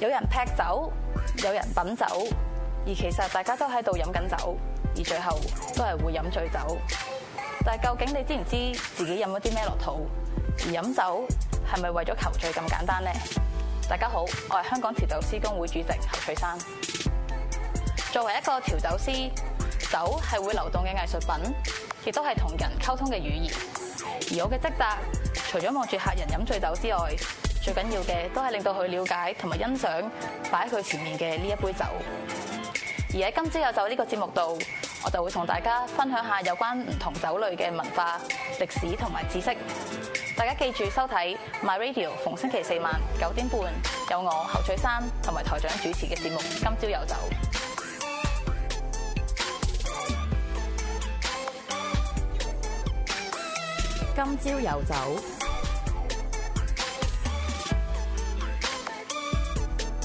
有人劈酒，有人品酒，而其實大家都喺度飲緊酒，而最後都係會飲醉酒。但係究竟你知唔知自己飲咗啲咩落肚？而飲酒係咪為咗求醉咁簡單呢？大家好，我係香港調酒師公會主席侯翠珊。作為一個調酒師，酒係會流動嘅藝術品，亦都係同人溝通嘅語言。而我嘅職責，除咗望住客人飲醉酒之外，最緊要嘅都係令到佢了解同埋欣賞擺喺佢前面嘅呢一杯酒而在。而喺今朝有酒呢個節目度，我就會同大家分享下有關唔同酒類嘅文化歷史同埋知識。大家記住收睇 My Radio，逢星期四晚九點半有我侯翠珊同埋台長主持嘅節目《今朝有酒》。今朝有酒。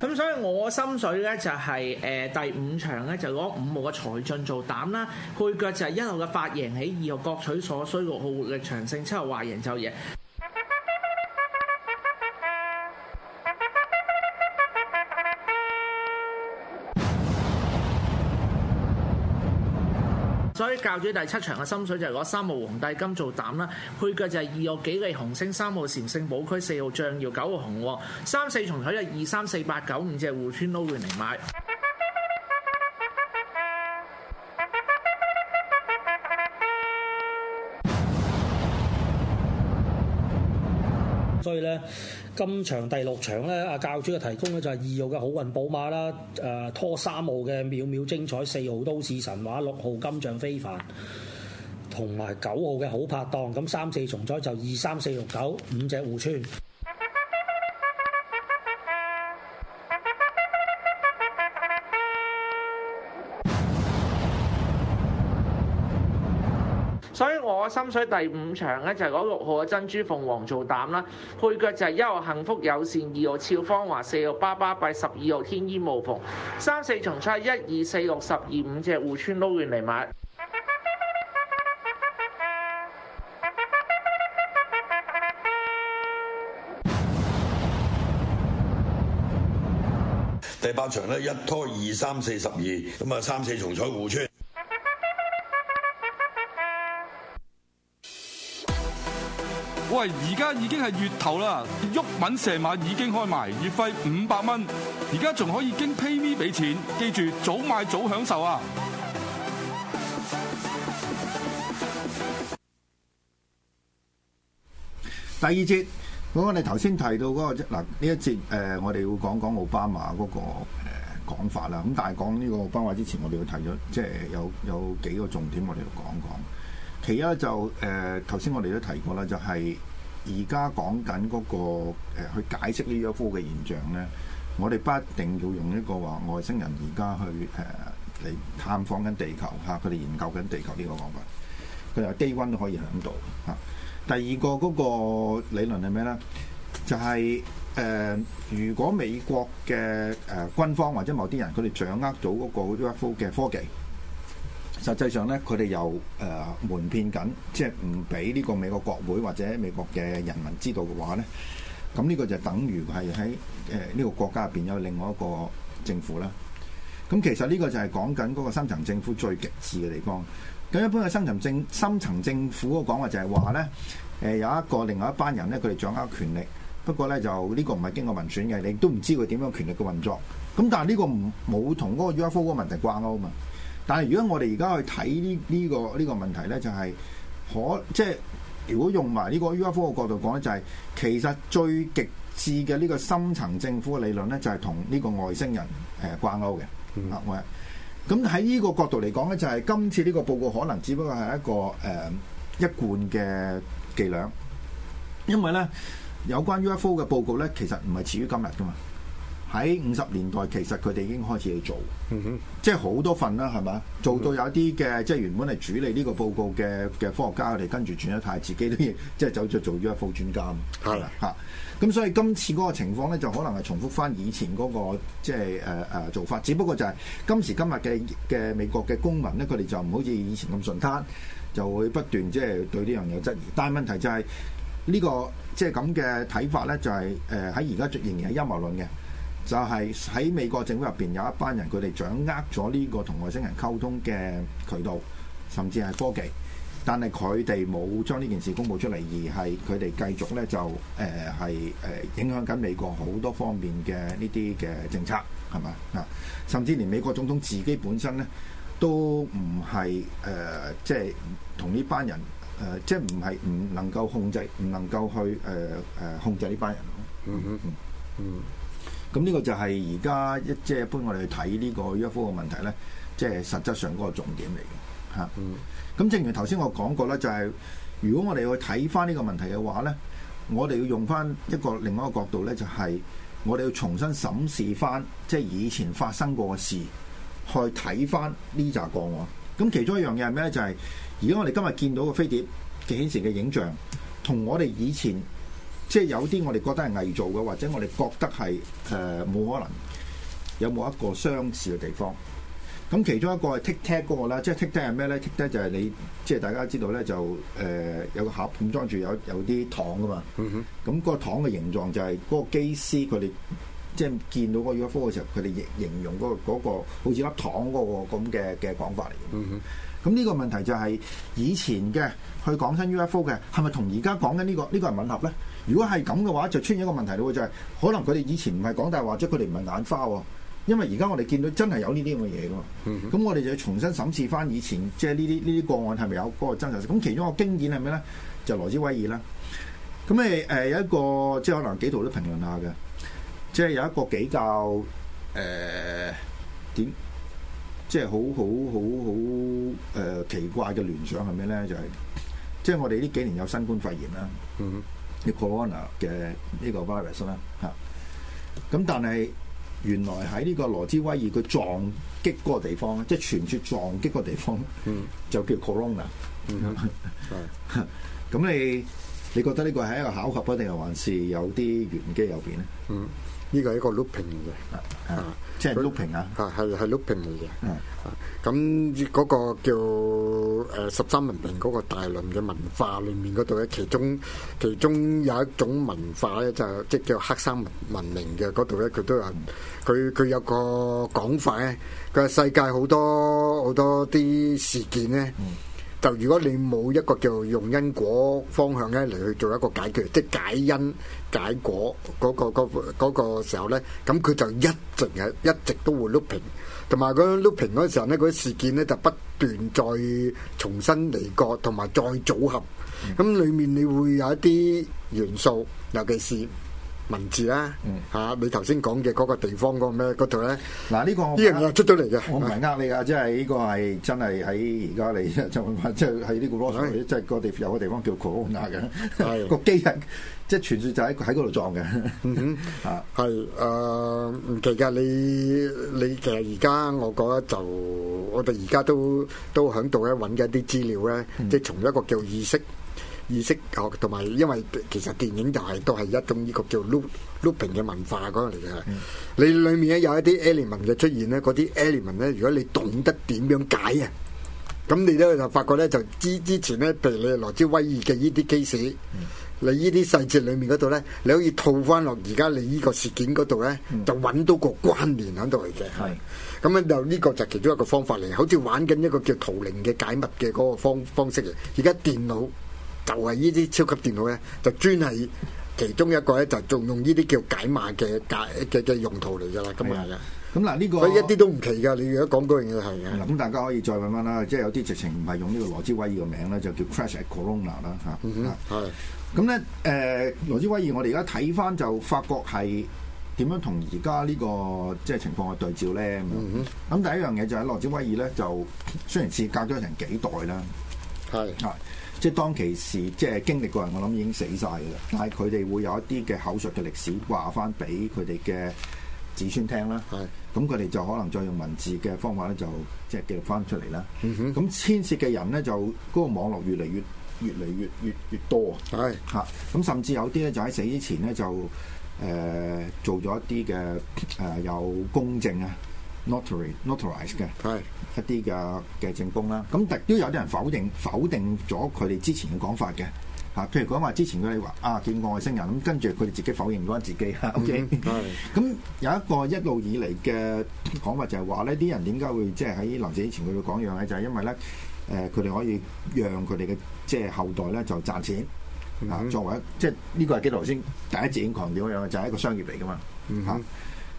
咁所以我心水咧就係誒第五場咧就攞五號嘅財俊做膽啦，配角就係一號嘅發型起，二號各取所需，六號活力長勝，七號話贏就贏。所以教主第七場嘅心水就係攞三號皇帝金做膽啦，配嘅就係二號幾利紅星、三號禪聖寶區、四號象耀、九號紅，三四重彩就二三四八九五隻互穿撈嚟買。所以咧，今場第六場咧，啊教主嘅提供咧就係二號嘅好運寶馬啦，拖三號嘅妙妙精彩，四號都市神話，六號金像非凡，同埋九號嘅好拍檔。咁三四重彩就二三四六九五隻互村。心水第五場呢，就係嗰六號嘅珍珠鳳凰做膽啦，配腳就係一號幸福友善，二號俏芳華，四號巴巴閉，十二號天衣無縫，三四重彩，一二四六十二五隻互串撈完嚟買。第八場呢，一拖二三四十二咁啊，三四重彩互串。喂，而家已經係月頭啦，沃敏成晚已經開埋，月費五百蚊，而家仲可以經 PayMe 俾錢，記住早買早享受啊！第二節，我哋頭先提到嗰個，嗱呢一節誒，我哋會講講奧巴馬嗰個誒講法啦。咁但係講呢個奧巴馬之前，我哋要提咗，即係有有幾個重點，我哋要講講。其一就誒頭先我哋都提過啦，就係而家講緊嗰、那個、呃、去解釋呢個 UFO 嘅現象咧，我哋不一定要用一個話外星人而家去嚟、呃、探訪緊地球佢哋、啊、研究緊地球呢個講法，佢有低溫都可以響度、啊、第二個嗰個理論係咩咧？就係、是、誒、呃，如果美國嘅誒、呃、軍方或者某啲人佢哋掌握咗嗰個 UFO 嘅科技。實際上咧，佢哋又誒、呃、瞞騙緊，即係唔俾呢個美國國會或者美國嘅人民知道嘅話咧，咁呢個就等於係喺誒呢個國家入邊有另外一個政府啦。咁其實呢個就係講緊嗰個深層政府最極致嘅地方。咁一般嘅深層政深層政府嘅講話就係話咧，誒、呃、有一個另外一班人咧，佢哋掌握權力，不過咧就呢、呢個唔係經過民選嘅，你都唔知佢點樣權力嘅運作。咁但係呢個唔冇同嗰個 UFO 個問題掛鈎啊嘛。但係，如果我哋而家去睇呢呢個呢、呢個問題呢，就係、是、可即係如果用埋呢個 UFO 嘅角度講咧，就係、是、其實最極致嘅呢個深層政府嘅理論呢，就係同呢個外星人誒、呃、掛鈎嘅。咁喺呢個角度嚟講呢就係、是、今次呢個報告可能只不過係一個誒、呃、一貫嘅伎倆，因為呢有關 UFO 嘅報告呢，其實唔係遲於今日㗎嘛。喺五十年代，其實佢哋已經開始去做，嗯、即係好多份啦，係咪？做到有一啲嘅，即係原本係主理呢個報告嘅嘅科學家，佢哋跟住轉咗軚自己都要，即係走咗做咗 UFO 專家。係啦嚇，咁所以今次嗰個情況咧，就可能係重複翻以前嗰、那個即係誒誒做法。只不過就係今時今日嘅嘅美國嘅公民咧，佢哋就唔好似以前咁順攤，就會不斷即係、就是、對呢樣有質疑。但係問題就係、是、呢、這個即係咁嘅睇法咧，就係誒喺而家仍然係陰謀論嘅。就係、是、喺美國政府入邊有一班人，佢哋掌握咗呢個同外星人溝通嘅渠道，甚至係科技。但係佢哋冇將呢件事公佈出嚟，而係佢哋繼續咧就誒係誒影響緊美國好多方面嘅呢啲嘅政策，係咪？啊？甚至連美國總統自己本身咧都唔係誒，即係同呢班人誒、呃，即係唔係唔能夠控制，唔能夠去誒誒、呃、控制呢班人。嗯嗯嗯嗯。咁呢個就係而家一即係一般我哋去睇呢個一 o 嘅問題咧，即、就、係、是、實質上嗰個重點嚟嘅嚇。咁、嗯、正如頭先我講過咧，就係、是、如果我哋去睇翻呢個問題嘅話咧，我哋要用翻一個另外一個角度咧，就係、是、我哋要重新審視翻即係以前發生過嘅事，去睇翻呢扎個案。咁其中一樣嘢係咩咧？就係而家我哋今日見到嘅飛碟幾時嘅影像，同我哋以前。即係有啲我哋覺得係偽造嘅，或者我哋覺得係誒冇可能有冇一個相似嘅地方。咁其中一個係 Tic Tac 嗰個啦，即係 Tic Tac 係咩咧？Tic Tac 就係你即係大家知道咧，就誒、呃、有個盒盤裝住有有啲糖噶嘛。咁、嗯、個糖嘅形狀就係嗰個機師佢哋即係見到個 U F O 嘅時候，佢哋形容嗰、嗰個、嗰個、好似粒糖嗰個咁嘅嘅講法嚟。嗯咁呢個問題就係以前嘅去講親 U F O 嘅係咪同而家講緊、呢個呢個、呢個呢個係吻合咧？如果係咁嘅話，就出現一個問題咯。就係可能佢哋以前唔係講大話，即係佢哋唔係眼花、哦。因為而家我哋見到真係有呢啲咁嘅嘢噶嘛。咁、嗯、我哋就要重新審視翻以前，即係呢啲呢啲個案係咪有嗰個真實性？咁其中一個經典係咩咧？就羅茲威爾啦。咁咪誒有一個，即係可能幾度都評論下嘅，即係有一個比較誒、呃、點，即係好好好好誒奇怪嘅聯想係咩咧？就係、是、即係我哋呢幾年有新冠肺炎啦。嗯啲 Corona 嘅呢個 virus 啦嚇，咁、嗯、但係原來喺呢個羅斯威爾佢撞擊嗰個地方咧，即係傳説撞擊個地方，嗯，就叫 Corona，嗯，咁 你、嗯哼 嗯嗯、你覺得呢個係一個巧合啊，定係還是有啲玄機入邊咧？嗯。呢個係一個 looping 嚟嘅，啊，即係 looping 啊，係係係 looping 嚟嘅。咁嗰個叫誒十三文明嗰個大輪嘅文化裏面嗰度咧，其中其中有一種文化咧，就即係叫黑山文明嘅嗰度咧，佢都有佢佢有個講法咧，佢話世界好多好多啲事件咧。就如果你冇一個叫做用因果方向咧嚟去做一個解決，即係解因解果嗰個嗰嗰個時候咧，咁佢就一直係一直都會 looping，同埋佢 looping 嗰陣咧嗰啲事件咧就不斷再重新嚟過，同埋再組合，咁裡面你會有一啲元素，尤其是。文字啦，嚇、嗯啊、你頭先講嘅嗰個地方嗰咩度咧？嗱呢、啊這個呢樣嘢出咗嚟嘅，我唔係呃你噶，即係呢個係真係喺而家嚟，即係喺呢個 loss 即係個地方、嗯就是、有個地方叫 corner 嘅，個機器即係傳説就喺喺嗰度撞嘅，嚇係誒唔奇噶，你你其實而家我覺得就我哋而家都都響度咧揾緊啲資料咧，即、嗯、係、就是、從一個叫意識。意識學同埋，因為其實電影就係都係一種呢個叫 loop looping 嘅文化嗰個嚟嘅。你裡面咧有一啲 element 嘅出現咧，嗰啲 element 咧，如果你懂得點樣解啊，咁你咧就發覺咧就之之前咧，譬如你羅斯威爾嘅呢啲 case，你呢啲細節裡面嗰度咧，你可以套翻落而家你呢個事件嗰度咧，就揾到個關聯喺度嚟嘅。係，咁咧就呢個就係其中一個方法嚟，好似玩緊一個叫圖靈嘅解密嘅嗰個方方式嚟。而家電腦。就係呢啲超級電腦咧，就專係其中一個咧，就仲用呢啲叫解碼嘅解嘅嘅用途嚟㗎啦，咁啊，咁嗱呢個，所以一啲都唔奇噶，你如果講嗰樣嘢係嘅。咁大家可以再問翻啦，即係有啲直情唔係用呢個羅茲威爾嘅名咧，就叫 Crash at Corona 啦、嗯，嚇。嗯咁咧，誒、呃、羅茲威爾，我哋而家睇翻就發覺係點樣同而家呢個即係情況嘅對照咧。咁、嗯、第一樣嘢就係羅茲威爾咧，就雖然是隔咗成幾代啦，係啊。即係當其時，即係經歷過人，我諗已經死晒㗎啦。但係佢哋會有一啲嘅口述嘅歷史，話翻俾佢哋嘅子孫聽啦。係，咁佢哋就可能再用文字嘅方法咧，就即係記錄翻出嚟啦。嗯、哼，咁遷涉嘅人咧，就、那、嗰個網絡越嚟越、越嚟越、越越，越多啊。係，咁甚至有啲咧，就喺死之前咧，就、呃、誒做咗一啲嘅誒有公證啊，notary，notary i z 嘅。係。一啲嘅嘅政工啦，咁特都有啲人否定否定咗佢哋之前嘅講法嘅嚇，譬如講話之前佢哋話啊見過外星人咁，跟住佢哋自己否認咗自己。O K，咁有一個一路以嚟嘅講法就係話呢啲人點解會即係喺臨死之前佢會講樣咧？就係因為咧誒，佢、呃、哋可以讓佢哋嘅即係後代咧就賺錢、mm -hmm. 啊，作為即係呢個係幾頭先第一節已經強調咗樣就係、是、一個商業嚟噶嘛。嗯、mm -hmm.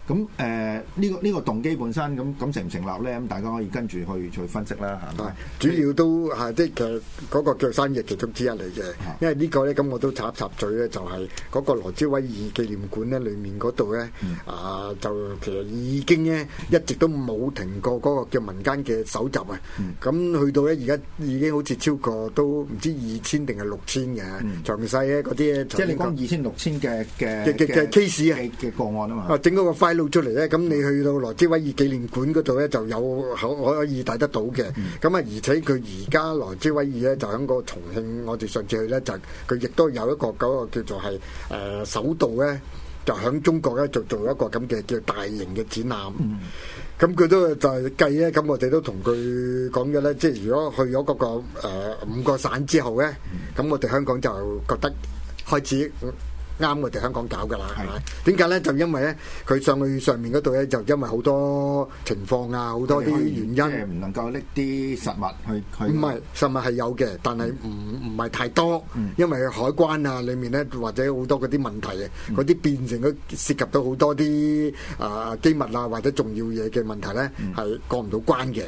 咁誒呢個呢、這個動機本身咁咁成唔成立咧？咁大家可以跟住去去分析啦，吓，但係主要都即係、啊就是、其嗰個叫三嘅其中之一嚟嘅，啊，因為個呢個咧，咁我都插一插嘴咧，就係嗰個羅茲威爾紀念館咧裏面嗰度咧啊，就其實已經咧一直都冇停過嗰個叫民間嘅搜集。啊，咁、嗯、去到咧而家已經好似超過都唔知二千定係六千嘅詳細咧嗰啲。即係你講二千六千嘅嘅嘅嘅 case 嘅個案啊嘛。啊，整個露出嚟咧，咁你去到羅之威爾紀念館嗰度咧，就有可可以睇得到嘅。咁、嗯、啊，而且佢而家羅之威爾咧，就喺個重慶，我哋上次去咧，就佢亦都有一個嗰、那個叫做係誒、呃，首度咧，就喺中國咧就做一個咁嘅叫大型嘅展覽。咁、嗯、佢都就係計咧，咁我哋都同佢講咗咧，即係如果去咗嗰、那個誒、呃、五個省之後咧，咁我哋香港就覺得開始。啱我哋香港搞㗎啦，點解咧？就因為咧，佢上去上面嗰度咧，就因為好多情況啊，好多啲原因，唔、呃、能夠搦啲實物去唔係，實物係有嘅，但係唔唔係太多，嗯、因為海關啊，裡面咧或者好多嗰啲問題啊，嗰、嗯、啲變成咗涉及到好多啲啊機密啊或者重要嘢嘅問題咧，係、嗯、過唔到關嘅。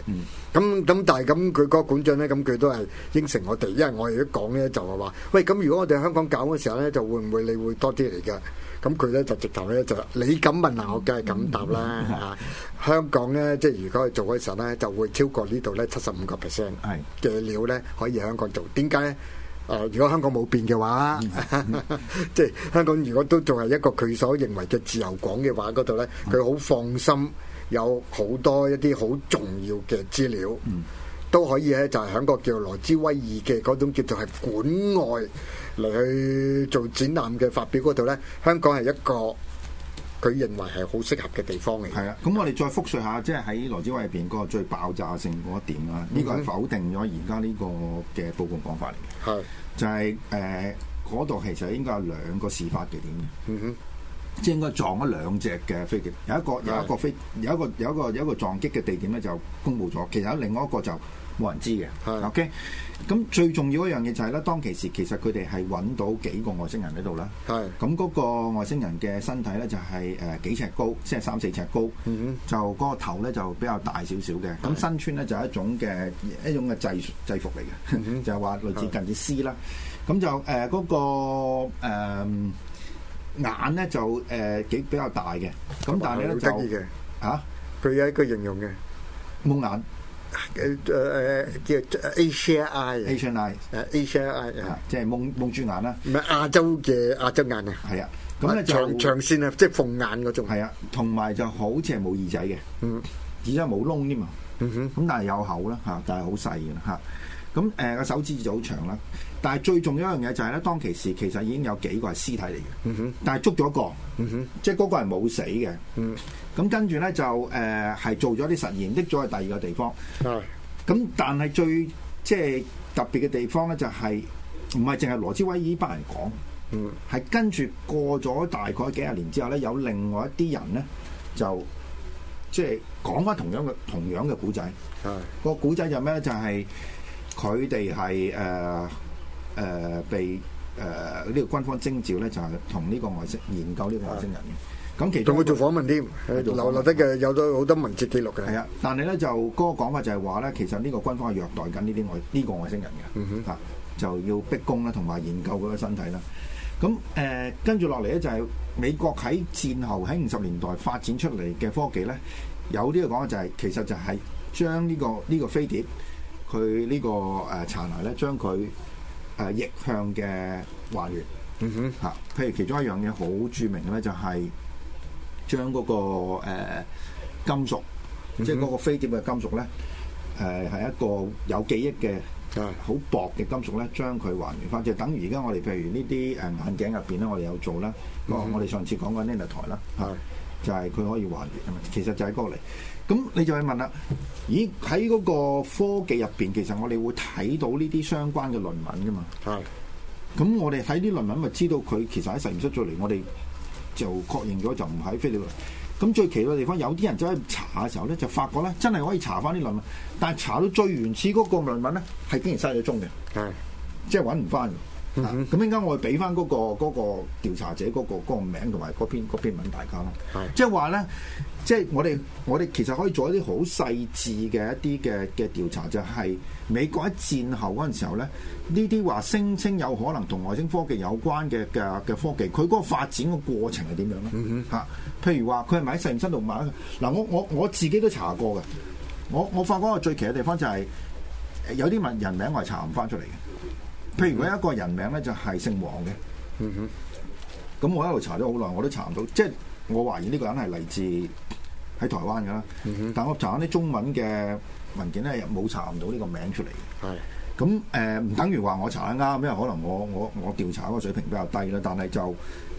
咁、嗯、咁但係咁佢嗰個管長咧，咁佢都係應承我哋，因為我而家講咧就係話，喂，咁如果我哋香港搞嘅時候咧，就會唔會你會？多啲嚟嘅，咁佢咧就直頭咧就，你咁問啊，我梗係咁答啦嚇、 啊。香港咧，即係如果佢做嘅時候咧，就會超過呢度咧七十五個 percent 嘅料咧，可以香港做。點解咧？誒、呃，如果香港冇變嘅話， 即係香港如果都仲係一個佢所認為嘅自由港嘅話，嗰度咧，佢好放心，有好多一啲好重要嘅資料。 嗯都可以咧，就係、是、喺個叫做羅茲威爾嘅嗰種叫做係管外嚟去做展覽嘅發表嗰度咧，香港係一個佢認為係好適合嘅地方嚟。係啊，咁我哋再複述下，即係喺羅茲威爾入邊嗰個最爆炸性嗰一點啦。呢、這個係否定咗而家呢個嘅報告講法嚟嘅。係就係、是、誒，嗰、呃、度其實應該有兩個事發地點嘅。嗯、哼，即、就、係、是、應該撞咗兩隻嘅飛機，有一個有一個飛有一個有一個有一個,有一個撞擊嘅地點咧就公佈咗，其實有另外一個就。冇人知嘅，係。OK。咁最重要一樣嘢就係、是、咧，當其時其實佢哋係揾到幾個外星人喺度啦。係。咁嗰個外星人嘅身體咧就係誒幾尺高，即係三四尺高。就嗰、是嗯、個頭咧就比較大少少嘅。咁身穿咧就一種嘅一種嘅制制服嚟嘅、嗯，就係話類似近似絲啦。咁就嗰、呃那個、呃、眼咧就、呃、幾比較大嘅。咁、嗯、但係呢，就嚇，佢、啊、有一個形容嘅，冇眼。誒誒叫 Asia Eye，Asia Eye，誒 Asia Eye 啊，即係蒙蒙住眼啦、啊，唔係亞洲嘅亞洲眼啊，係啊，咁咧就長長線啊，即係鳳眼嗰種，係啊，同埋就好似係冇耳仔嘅，嗯，啊啊就是是啊、是耳仔冇窿添嘛，哼，咁、mm -hmm. 但係有口啦吓，但係好細嘅吓，咁誒個手指就好長啦。但係最重要的一樣嘢就係咧，當其時其實已經有幾個係屍體嚟嘅。嗯、哼。但係捉咗一個。嗯、哼。即係嗰個係冇死嘅。嗯。咁跟住咧就誒係、呃、做咗啲實驗，拎咗去第二個地方。係、嗯。咁但係最即係特別嘅地方咧、就係，就係唔係淨係羅茲威呢班人講。嗯。係跟住過咗大概幾十年之後咧，有另外一啲人咧就即係講翻同樣嘅同樣嘅古仔。係、嗯。嗰個古仔就咩咧？就係佢哋係誒。呃誒、呃、被誒呢、呃這個軍方徵召咧，就係同呢個外星研究呢個外星人嘅。咁其中同佢做訪問添留留低嘅有咗好多文字記錄嘅。係啊，但係咧就嗰、那個講法就係話咧，其實呢個軍方係虐待緊呢啲外呢、這個外星人嘅、嗯啊、就要逼供啦，同埋研究佢個身體啦。咁跟住落嚟咧，呃、就係、是、美國喺戰後喺五十年代發展出嚟嘅科技咧，有啲嘅講法就係、是、其實就係將呢個呢、這個飛碟佢呢個殘骸咧，將佢。誒、啊、逆向嘅還原，嗯哼嚇，譬如其中一樣嘢好著名嘅咧、那個，就係將嗰個金屬，mm -hmm. 即係嗰個飛碟嘅金屬咧，誒、呃、係一個有記憶嘅，好薄嘅金屬咧，將佢還原翻，就是、等於而家我哋譬如呢啲誒眼鏡入邊咧，我哋有做啦，我哋上次講嘅 Nina 台啦，係、mm -hmm. 就係、是、佢可以還原啊嘛，其實就係嗰嚟。咁你就去問啦，咦？喺嗰個科技入邊，其實我哋會睇到呢啲相關嘅論文噶嘛？係。咁我哋睇啲論文，咪知道佢其實喺實驗室做嚟，我哋就確認咗就唔喺菲律賓。咁最奇怪嘅地方，有啲人就喺查嘅時候咧，就發覺咧，真係可以查翻啲論文，但係查到最原始嗰個論文咧，係竟然失咗蹤嘅，即係揾唔翻。就是咁依家我俾翻嗰個嗰個調查者嗰個個名同埋嗰篇嗰篇文大家啦，即係話咧，即係我哋我哋其實可以做一啲好細緻嘅一啲嘅嘅調查，就係美國喺戰後嗰陣時候咧，呢啲話聲稱有可能同外星科技有關嘅嘅嘅科技，佢嗰個發展嘅過程係點樣咧？嚇，譬如話佢係咪喺實驗室度買？嗱，我我我自己都查過嘅，我我發覺個最奇嘅地方就係有啲人人名我係查唔翻出嚟嘅。譬如佢一個人名咧就係姓王嘅，嗯哼，咁我一路查咗好耐，我都查唔到，即、就、係、是、我懷疑呢個人係嚟自喺台灣噶啦、嗯，但我查啲中文嘅文件咧冇查唔到呢個名出嚟，係、嗯，咁誒唔等於話我查得啱，因為可能我我我調查個水平比較低啦，但係就呢、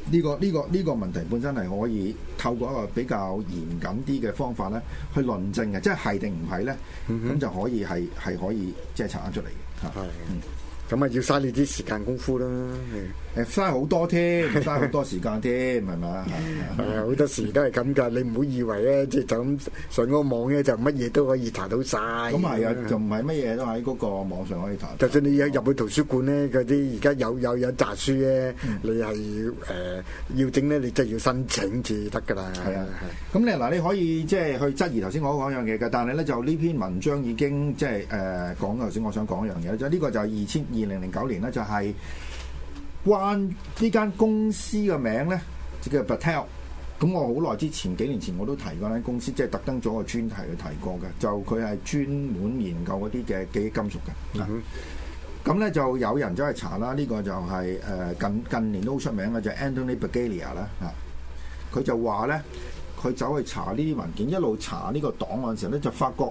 呢個呢、呢個呢、呢個問題本身係可以透過一個比較嚴謹啲嘅方法咧去論證嘅，即係係定唔係咧，嗯咁就可以係係可以即係查得出嚟嘅，嚇、嗯，係、嗯，咁啊，要嘥你啲時間功夫啦，係。嘥好多添，嘥好多時間添，係 咪？係啊，好多時都係咁㗎。 你唔好以為咧，即係就咁上嗰個網咧，就乜嘢都可以查到晒。咁係啊，就唔係乜嘢都喺嗰個網上可以查。就算你入去圖書館咧，嗰啲而家有有有雜書咧、嗯，你係誒、呃、要整咧，你真係要申請至得㗎啦。係啊，係。咁你嗱，你可以即係、就是、去質疑頭先我講樣嘢㗎，但係咧就呢篇文章已經即係誒講頭先我想講一樣嘢啦，就呢個就係二千二零零九年呢，就係。關呢間公司嘅名咧，就叫 Battelle 咁我好耐之前，幾年前我都提過呢公司，即係特登做個專題去提過嘅。就佢係專門研究嗰啲嘅記憶金屬嘅。咁、嗯、咧就有人走去查啦。呢個就係誒近近年都好出名嘅就係 Anthony Bragalia 啦。佢就話咧，佢走去查呢啲文件，一路查呢個檔案嘅時候咧，就發覺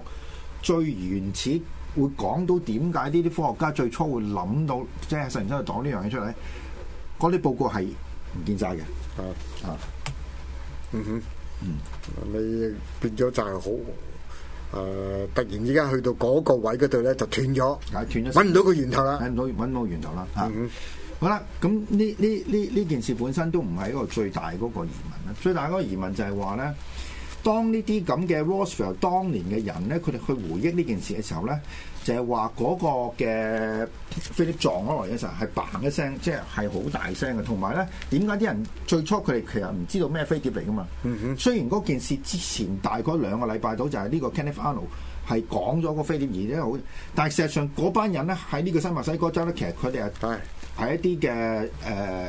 最原始會講到點解呢啲科學家最初會諗到，即係突然之間擋呢樣嘢出嚟。嗰、哦、啲報告係唔見晒嘅，啊啊，嗯哼，嗯，你變咗就係好，誒、呃，突然之間去到嗰個位嗰度咧就斷咗，啊、揾唔到個源頭啦，揾唔到，啊、揾冇源頭啦，嗯，啊、好啦，咁呢呢呢呢件事本身都唔係一個最大嗰個疑問啦，最大嗰個疑問就係話咧，當呢啲咁嘅 Roswell 當年嘅人咧，佢哋去回憶呢件事嘅時候咧。就係話嗰個嘅飛碟撞落嚟嘅時候的，係嘭一聲，即係係好大聲嘅。同埋咧，點解啲人最初佢哋其實唔知道咩飛碟嚟噶嘛，嗯，嗯？雖然嗰件事之前大概兩個禮拜到就係呢個 Kenneth Arnold。係講咗個飛碟而咧好，但係事實上嗰班人咧喺呢個新墨西哥州咧，其實佢哋係係一啲嘅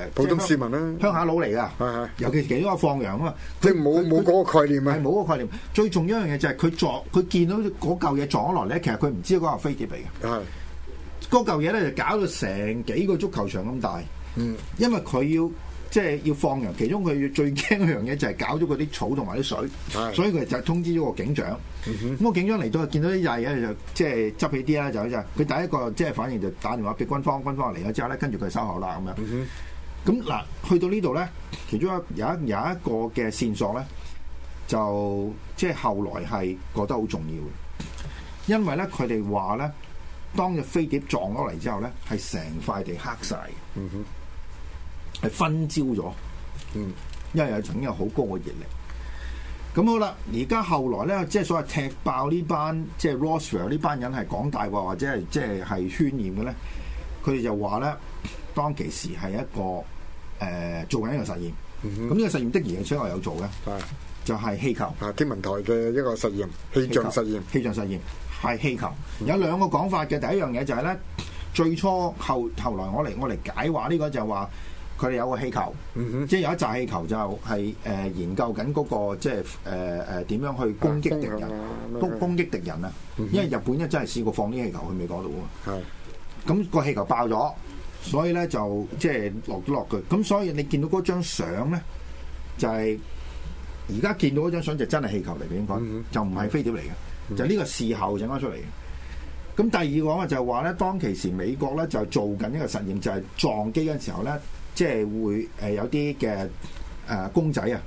誒普通市民啦，啊呃，鄉下佬嚟噶，尤其是幾個放羊啊嘛，佢冇冇嗰個概念啊，冇嗰個概念。最重要一樣嘢就係、係、佢撞，佢見到嗰嚿嘢撞落嚟咧，其實佢唔知嗰個飛碟嚟嘅。係嗰嚿嘢咧就搞到成幾個足球場咁大，嗯，因為佢要。即係要放羊，其中佢最驚嗰樣嘢就係搞咗嗰啲草同埋啲水，所以佢就通知咗個警長。咁、嗯、個警長嚟到啊，見到啲曳嘢就即係執起啲啦，就咁就。佢第一個即係反應就打電話俾軍方，軍方嚟咗之後咧，跟住佢收口啦咁樣。咁、嗯、嗱、嗯，去到這裡呢度咧，其中一有有一個嘅線索咧，就即係後來係覺得好重要嘅，因為咧佢哋話咧，當日飛碟撞落嚟之後咧，係成塊地黑晒。嗯係分焦咗，嗯，因為有曾經有好高嘅熱力。咁好啦，而家後來咧，即係所謂踢爆呢班即係 Roswell 呢班人是大，係講大話或者係即係係渲染嘅咧。佢哋就話咧，當其時係一個誒、呃、做緊一個實驗。咁、嗯、呢個實驗的而且確有做嘅，就係、是、氣球，天文台嘅一個實驗，氣象實驗，氣，氣象實驗係氣球、嗯、有兩個講法嘅。第一樣嘢就係咧，最初後後來我嚟我嚟解話呢個就話。佢哋有個氣球，mm -hmm。即係有一紮氣球就係、是、誒、呃、研究緊嗰、那個即係誒誒點樣去攻擊敵人，攻、uh -huh。攻擊敵人啊！Mm -hmm。因為日本咧真係試過放啲氣球去美國度喎。係、mm、咁 -hmm。嗯，那個氣球爆咗，所以咧就即係落咗落去。咁所以你見到嗰張相咧，就係而家見到嗰張相就是真係氣球嚟嘅應該，mm -hmm。就唔係飛碟嚟嘅，mm -hmm。就呢個事後整翻出嚟嘅。咁第二個講法就係話咧，當其時美國咧就做緊一個實驗，就係、是、撞機嘅時候咧。即係會誒有啲嘅誒公仔啊，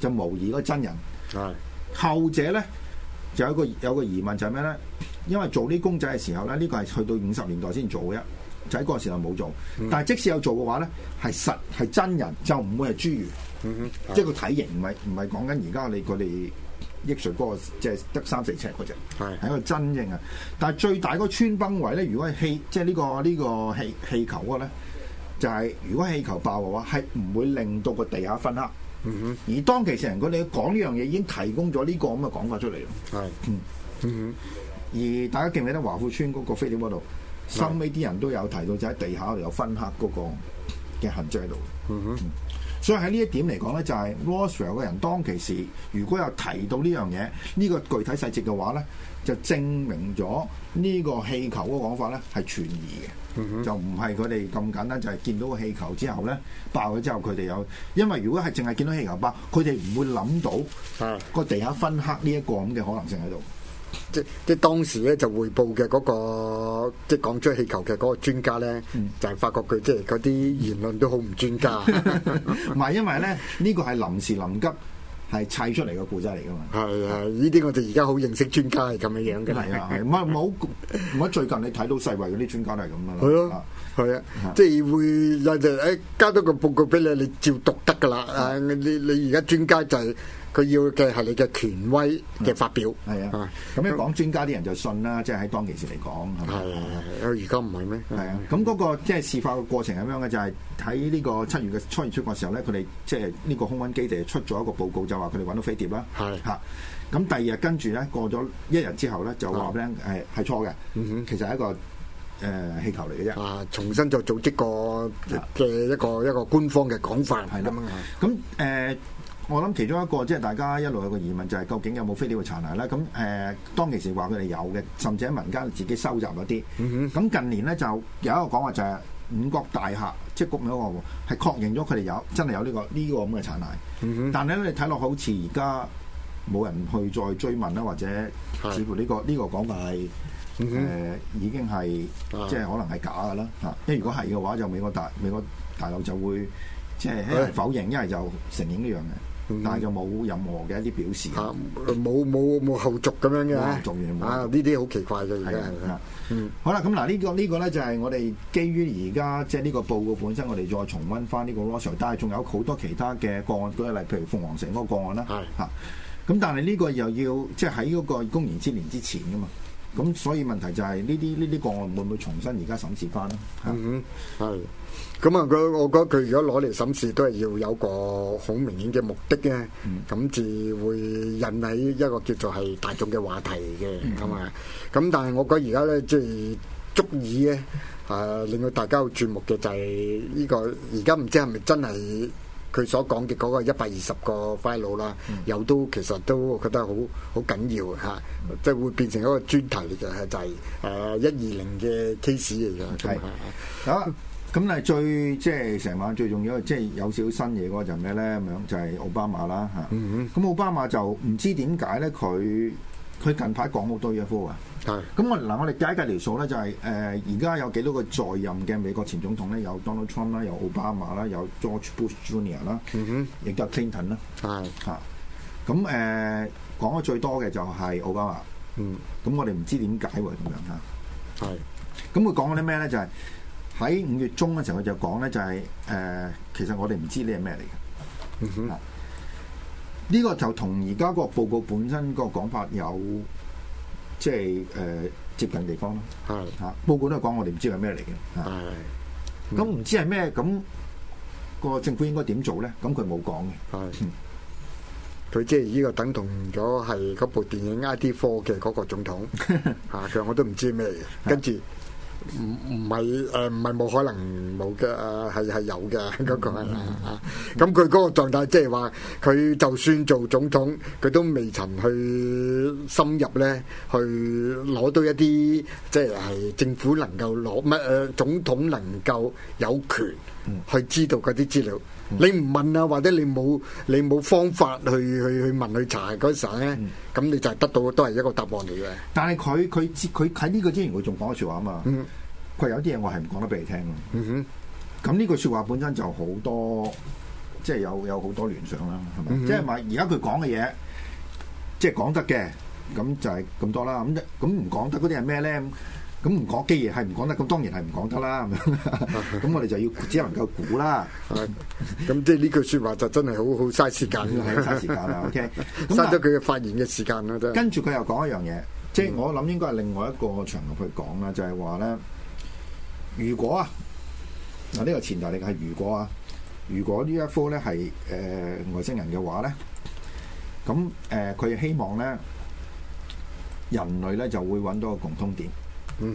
就模擬嗰真人。係後者咧，就有一個有個疑問就係咩咧？因為做呢公仔嘅時候咧，呢個係去到五十年代先做嘅啫，就喺嗰個時候冇做。但係即使有做嘅話咧，係實係真人，就唔會係侏儒。即係個體型唔係唔係講緊而家你我哋益水嗰個即係得三四尺嗰隻，係係一個真人啊！但係最大嗰個穿崩位咧，如果係氣即係呢個呢個氣氣球嗰咧。就係、是，如果氣球爆嘅話，係唔會令到個地下分黑。嗯、哼而當其時，人佢哋講呢樣嘢，已經提供咗呢個咁嘅講法出嚟咯。係，嗯，嗯哼。而大家記唔記得華富村嗰個飛碟嗰度，收尾啲人都有提到，就喺地下度有分黑嗰個嘅痕跡喺度。嗯、哼、嗯。所以喺呢一點嚟講咧，就係 Roswell 嘅人當其時，如果有提到呢樣嘢，呢、這個具體細節嘅話咧，就證明咗呢個氣球嗰個講法咧係存疑嘅。 就唔係佢哋咁簡單，就係、是、見到個氣球之後咧爆咗之後他們，佢哋有因為如果係淨係見到氣球爆，佢哋唔會諗到個地下分黑呢一個咁嘅可能性喺度 。即即當時咧就匯報嘅嗰、那個即講出氣球嘅嗰個專家咧、嗯，就係、是、發覺佢即嗰啲言論都好唔專家，唔 係 因為咧呢、這個係臨時臨急。係砌出嚟嘅故仔嚟噶嘛？係係、啊，呢啲我哋而家好認識專家係咁樣樣嘅係啊，唔係好，唔好最近你睇到世衞嗰啲專家都係咁啊。係啊，啊，啊，即係會有就誒交多個報告俾你，你照讀得噶啦。你你而家專家就係、是。佢要嘅係你嘅權威嘅發表，係啊，咁樣講專家啲人就信啦，即係喺當其時嚟講，係而家唔係咩？係啊，咁嗰、嗯嗰個即係事發嘅過程咁樣嘅就係喺呢個七月嘅初月出嘅時候咧，佢哋即係呢個空軍基地出咗一個報告，就話佢哋揾到飛碟啦，係嚇。咁第二日跟住咧，嗯嗯、過咗一日之後咧，就話咧係係錯嘅，其實係一個誒氣球嚟嘅啫，呃、啊，重新再組織過嘅一個一個官方嘅講法，係咁樣咁誒。我諗其中一個即係大家一路有一個疑問就係究竟有冇飛碟嘅殘骸咧？咁誒、呃、當其時話佢哋有嘅，甚至喺民間自己收集咗一啲。咁、嗯、近年咧就有一個講法、就係，就係五角大廈，即係國美國係確認咗佢哋有真係有呢、呢個呢、呢個咁嘅殘骸。嗯、但係咧，你睇落好似而家冇人去再追問啦，或者似乎呢、呢個呢、呢個講法係誒已經係即係可能係假嘅啦、啊。因為如果係嘅話，就美國大美國大陸就會即係一否認，一係就承認呢樣嘅。但係就冇任何嘅一啲表示、啊，冇冇冇後續咁樣嘅，啊呢啲好奇怪嘅，已、嗯、好啦，咁嗱呢個呢、呢個咧就係我哋基於而家即係呢個報告本身，我哋再重溫翻呢個 Roswell，但係仲有好多其他嘅個案舉例，譬如鳳凰城嗰個案啦，嚇、啊。咁但係呢個又要即係喺嗰個公元之年之前噶嘛。咁所以問題就係呢啲呢啲個案會唔會重新而家審視翻咧？嗯，係。咁啊，我我覺得佢如果攞嚟審視都係要有個好明顯嘅目的嘅，咁、嗯、至會引起一個叫做係大眾嘅話題嘅咁啊。咁、嗯、但係我覺得而家咧即係足以咧，啊令到大家好注目嘅就係呢、呢個而家唔知係咪真係？佢所講嘅嗰個一百二十個 file 啦，又都其實都覺得好好緊要嚇，即、啊、係會變成一個專題嚟嘅，就係誒一二零嘅 case 嚟嘅。係啊，咁啊、嗯、最即係成晚最重要即係、就係、有少少新嘢嗰個就係咩咧咁樣，就係、係、奧巴馬啦嚇。咁、啊嗯嗯、奧巴馬就唔知點解咧佢。佢近排講好多嘢科啊，咁我嗱我哋計一計條數咧，就係誒而家有幾多個在任嘅美國前總統咧，有 Donald Trump 啦，有奧巴馬啦，有 George Bush Junior 啦，亦都有 Clinton 啦，嚇、啊，咁誒、呃、講得最多嘅就係奧巴馬，咁、嗯、我哋唔知點解喎咁樣嚇，係、啊，咁佢講嗰啲咩咧？就係喺五月中嘅時候，佢就講咧、就係，就係誒其實我哋唔知呢係咩嚟嘅。嗯哼啊。呢、這個就同而家個報告本身個講法有即係誒接近地方咯，係嚇，報告都係講我哋唔知係咩嚟嘅，係，咁唔知係咩，咁個政府應該點做咧？咁佢冇講嘅，係佢即係依個等同咗係嗰部電影 ID4 嘅嗰個總統嚇， 其實我都唔知咩嚟嘅，跟住。唔唔係誒，唔係冇可能冇嘅，係係有嘅嗰、嗰個係啊。咁佢嗰個狀態，即係話佢就算做總統，佢都未曾去深入咧，去攞到一啲即係政府能夠攞乜誒，總統能夠有權去知道嗰啲資料。你唔問啊，或者你冇你冇方法去去去問去查嗰陣時候咧，咁、嗯、你就係得到都係一個答案嚟嘅。但係佢佢佢喺呢個之前，佢仲講咗説話啊嘛。佢、嗯、有啲嘢我係唔講得俾你聽咯。咁呢句説話本身就好多，即、就、係、是、有有好多聯想啦，係咪？即係咪？而家佢講嘅嘢，即係講得嘅，咁就係咁多啦。咁咁唔講得嗰啲係咩咧？咁唔講既然係唔講得，咁當然係唔講得啦。咁 我哋就要只能夠估啦。咁即係呢句説話就真係好好嘥時間啦， 嘥時間啦。 OK，嘥咗佢嘅發言嘅時間啦，跟住佢又講一樣嘢、嗯，即係我諗應該係另外一個場合去講啦，就係話咧，如果啊，嗱、這、呢個前提係如果啊，如果呢一科咧係外星人嘅話咧，咁佢、呃、希望咧人類咧就會搵到個共通點。嗯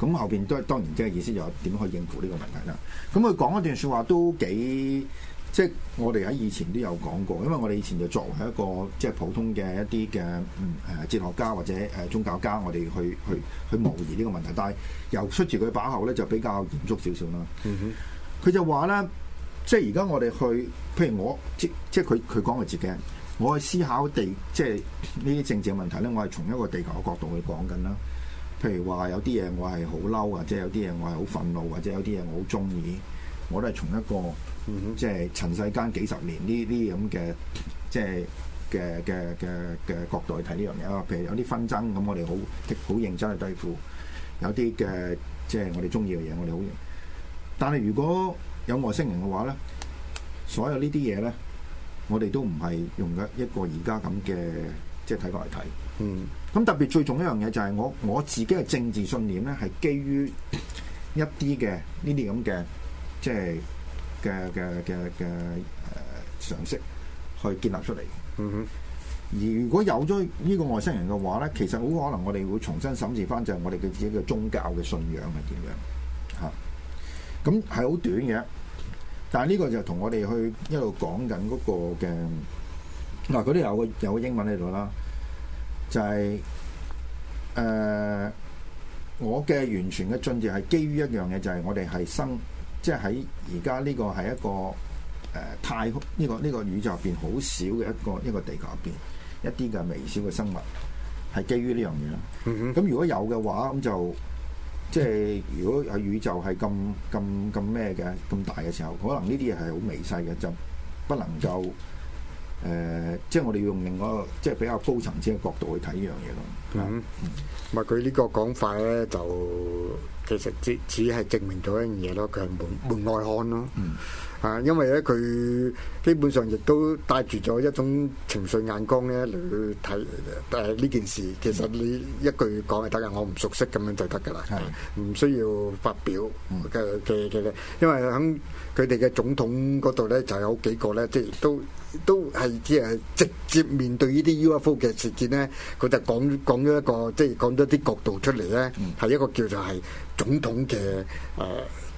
哼，咁後邊都係當然即係意思就點去應付呢個問題啦。咁佢講一段説話都幾即係我哋喺以前都有講過，因為我哋以前就作為一個即係普通嘅一啲嘅嗯、呃、哲學家或者誒宗教家，我哋去去去，去模擬呢個問題，但係由出住佢把口咧就比較嚴肅少少啦。嗯、哼，佢就話咧，即係而家我哋去，譬如我即即係佢佢講嘅自己，我係思考地即係呢啲政治嘅問題咧，我係從一個地球嘅角度去講緊啦。譬如話有啲嘢我係好嬲啊，即係有啲嘢我係好憤怒，或者有啲嘢我好中意，我都係從一個即係塵世間幾十年呢啲咁嘅即係嘅嘅嘅嘅角度去睇呢樣嘢啊。譬如有啲紛爭咁，我哋好好認真去對付；有啲嘅即係我哋中意嘅嘢，我哋好認。但係如果有外星人嘅話咧，所有呢啲嘢咧，我哋都唔係用一一個而家咁嘅即係睇法嚟睇。嗯。咁特別最重要一樣嘢就係我我自己嘅政治信念咧，係基於一啲嘅呢啲咁嘅即係嘅嘅嘅嘅誒常識去建立出嚟。嗯哼。而如果有咗呢個外星人嘅話咧，其實好可能我哋會重新審視翻就係我哋嘅自己嘅宗教嘅信仰係點樣吓。咁係好短嘅，但係呢個就同我哋去一路講緊嗰個嘅嗱，嗰、啊、啲有個有個英文喺度啦。就係、是、誒、呃，我嘅完全嘅進步係基於一樣嘢，就係、是、我哋係生，即係喺而家呢個係一個誒、呃、太空呢、這個呢、這個宇宙入邊好少嘅一個一、這個地球入邊一啲嘅微小嘅生物，係基於呢樣嘢啦。咁、嗯嗯、如果有嘅話，咁就即係、就是、如果喺宇宙係咁咁咁咩嘅咁大嘅時候，可能呢啲嘢係好微細嘅，就不能夠。誒、呃，即係我哋用另外一個，即係比較高層次嘅角度去睇呢樣嘢咯。嗯，唔、嗯、佢呢個講法咧，就其實只只係證明咗一樣嘢咯，佢係門、嗯、門外漢咯。嗯。啊，因為咧佢基本上亦都帶住咗一種情緒眼光咧嚟去睇但係呢件事。其實你一句講係得嘅，我唔熟悉咁樣就得㗎啦，唔需要發表嘅嘅嘅咧。因為喺佢哋嘅總統嗰度咧，就有幾個咧，即係都都係只係直接面對呢啲 UFO 嘅事件咧，佢就講講咗一個，即係講咗啲角度出嚟咧，係一個叫做係總統嘅誒。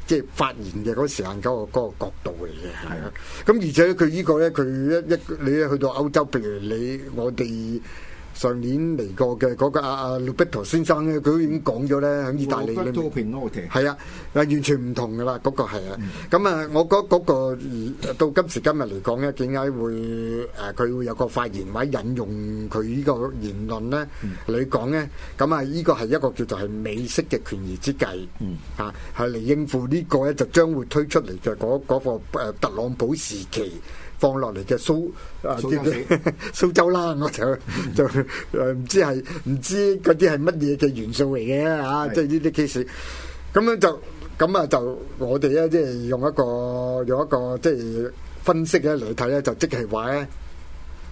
即係發言嘅嗰個時間、嗰個角度嚟嘅，係啊！咁而且佢呢個咧，佢一一你咧去到歐洲，譬如你我哋。上年嚟過嘅嗰個阿阿盧比圖先生咧，佢都已經講咗咧，喺意大利裏面，係啊，啊完全唔同噶啦，嗰個係啊。咁啊，我覺得嗰個到今時今日嚟講咧，點解會誒佢會有個發言或者引用佢依個言論咧你講咧？咁啊，依個係一個叫做係美式嘅權宜之計，啊係嚟應付呢個咧，就將會推出嚟嘅嗰嗰個誒特朗普時期。放落嚟就蘇啊，啲蘇州啦，我就 就誒唔知係唔知啲係乜嘢嘅元素嚟嘅嚇，即係呢啲 case。咁樣就咁啊就我哋咧即係用一個用一個即係、就是、分析咧嚟睇咧，就即係話咧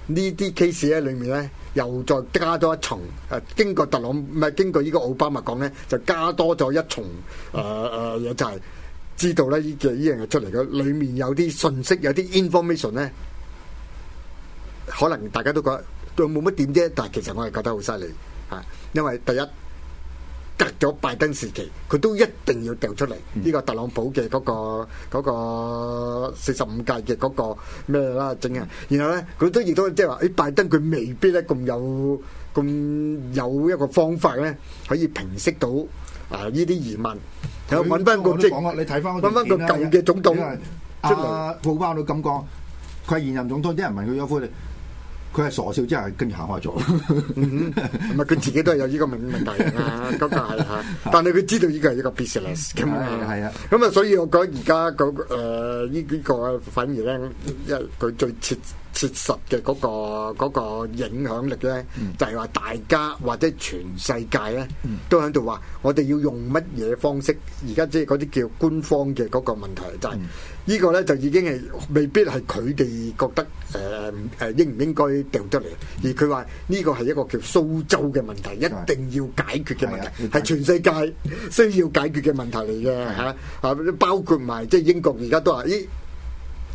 呢啲 case 咧裏面咧又再加多一重誒、啊，經過特朗唔係經過呢個奧巴馬講咧，就加多咗一重誒誒嘢就係、是。知道咧，呢件呢樣嘢出嚟嘅，裏面有啲信息，有啲 information 咧，可能大家都覺得都冇乜點啫，但係其實我係覺得好犀利嚇，因為第一隔咗拜登時期，佢都一定要掉出嚟呢個特朗普嘅嗰個嗰個四十五屆嘅嗰個咩啦整嘅，然後咧佢都亦都即係話，誒拜登佢未必咧咁有咁有一個方法咧可以平息到。啊！依啲疑問，又揾翻個即你揾翻個舊嘅總統。阿布、啊啊、巴魯咁講，佢現任總統，啲人問佢有冇副？佢係傻笑之，即係跟住行開咗。咁、嗯、啊，佢 自己都係有呢個問問題㗎、啊 那個啊，但係佢知道呢個係一個 business 咁啊，啊。咁啊，所以我講而家嗰誒依啲個反而咧，因為佢最切。切實嘅嗰、那個那個影響力咧、嗯，就係、是、話大家或者全世界咧、嗯，都喺度話我哋要用乜嘢方式？而家即係嗰啲叫官方嘅嗰個問題、就是，就係呢個咧就已經係未必係佢哋覺得誒誒、呃、應唔應該掉出嚟，而佢話呢個係一個叫蘇州嘅問題，一定要解決嘅問題，係、啊、全世界需要解決嘅問題嚟嘅嚇，啊，啊包括埋即係英國而家都話咦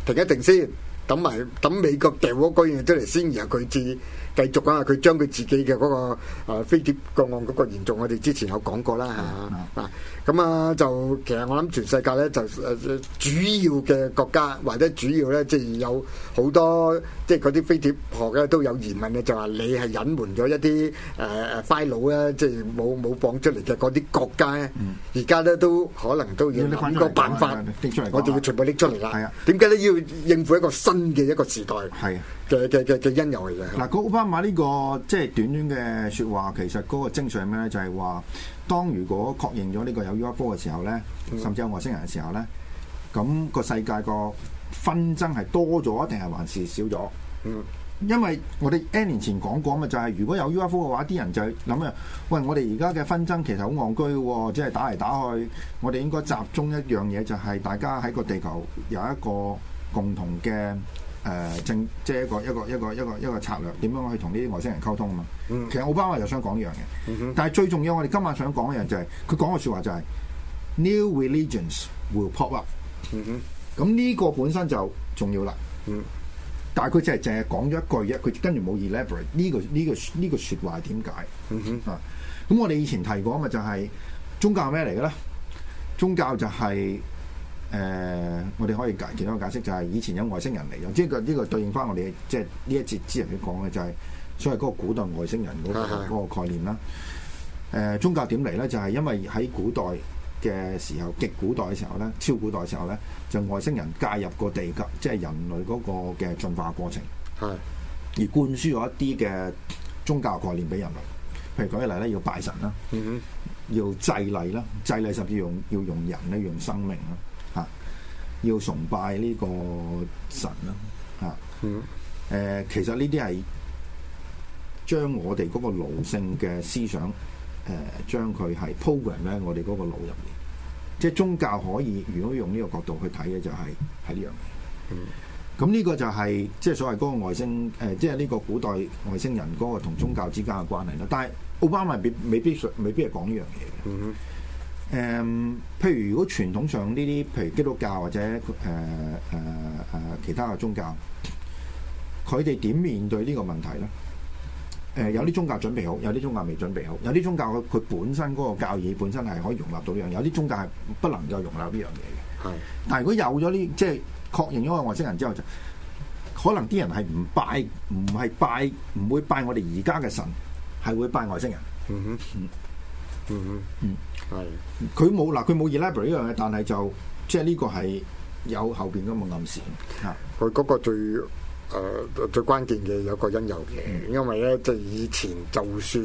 停一停先。等埋等美國掉嗰個嘢出嚟先，然後佢至。繼續啊！佢將佢自己嘅嗰、那個誒、呃、飛碟個案嗰個嚴重，我哋之前有講過啦嚇、嗯。啊，咁啊就其實我諗全世界咧就誒主要嘅國家或者主要咧即係有好多即係嗰啲飛碟學嘅都有疑問嘅，就話你係隱瞞咗一啲誒誒 file 咧，即係冇冇綁出嚟嘅嗰啲國家咧。而家咧都可能都要揾個辦法，出啊出啊、我哋要全部拎出嚟啦。點解咧要應付一個新嘅一個時代？係、啊。對對對對因由嚟嘅。嗱，個奧、啊、巴馬呢、這個即係、就是、短短嘅說話，其實嗰個精髓係咩咧？就係、是、話當如果確認咗呢個有 UFO 嘅時候咧、嗯，甚至有外星人嘅時候咧，咁、那個世界個紛爭係多咗定係還是少咗？嗯。因為我哋 N 年前講過嘅就係、是、如果有 UFO 嘅話，啲人就係諗啊，喂，我哋而家嘅紛爭其實好戇居喎，即、就、係、是、打嚟打去，我哋應該集中一樣嘢，就係、是、大家喺個地球有一個共同嘅。誒、呃，正即係一個一個一個一個一個策略點樣去同呢啲外星人溝通啊嘛！Mm -hmm. 其實奧巴馬又想講呢樣嘢，mm -hmm. 但係最重要我哋今晚想講嘅嘢就係、是、佢講個説話就係、是、New religions will pop up。嗯，咁呢個本身就重要啦。嗯、mm -hmm.，但係佢真係淨係講咗一句啫，佢跟住冇 elaborate 呢、這個呢、這個呢、這個説話點解？嗯、mm、哼 -hmm. 啊，咁我哋以前提過啊、就、嘛、是，就係宗教係咩嚟嘅咧？宗教就係、是。誒、呃，我哋可以解其他嘅解釋，就係以前有外星人嚟咗，即係、這、呢、個這個對應翻我哋即係呢一節主持人講嘅、就是，就係所謂嗰個古代外星人嗰、那個、個概念啦。誒、呃，宗教點嚟咧？就係、是、因為喺古代嘅時候，極古代嘅時候咧，超古代嘅時候咧，就外星人介入個地球，即係人類嗰個嘅進化過程，係而灌輸咗一啲嘅宗教概念俾人類，譬如舉例咧，要拜神啦，嗯嗯，要祭禮啦，祭禮甚至用要用人咧，用生命啦。要崇拜呢個神啦、啊，嚇、啊，誒、呃，其實呢啲係將我哋嗰個奴性嘅思想，誒、呃，將佢係 program 咧，我哋嗰個腦入面，即係宗教可以，如果用呢個角度去睇嘅、就是，就係喺呢樣嘢。咁呢個就係、是、即係所謂嗰個外星，誒、呃，即係呢個古代外星人嗰個同宗教之間嘅關係啦。但係奧巴馬未必未必係講呢樣嘢。誒、嗯，譬如如果傳統上呢啲，譬如基督教或者誒誒誒其他嘅宗教，佢哋點面對呢個問題咧？誒、呃，有啲宗教準備好，有啲宗教未準備好，有啲宗教佢本身嗰個教義本身係可以容納到呢樣，有啲宗教係不能夠容納呢樣嘢嘅。係。但係如果有咗呢，即係確認咗個外星人之後，就可能啲人係唔拜，唔係拜，唔會拜我哋而家嘅神，係會拜外星人。嗯哼。嗯嗯，係、嗯，佢冇嗱，佢冇 elaborate 呢樣嘢，但係就即係呢個係有後邊咁嘅暗示。啊，佢嗰個最誒、呃、最關鍵嘅有一個因由嘅，因為咧即係以前就算。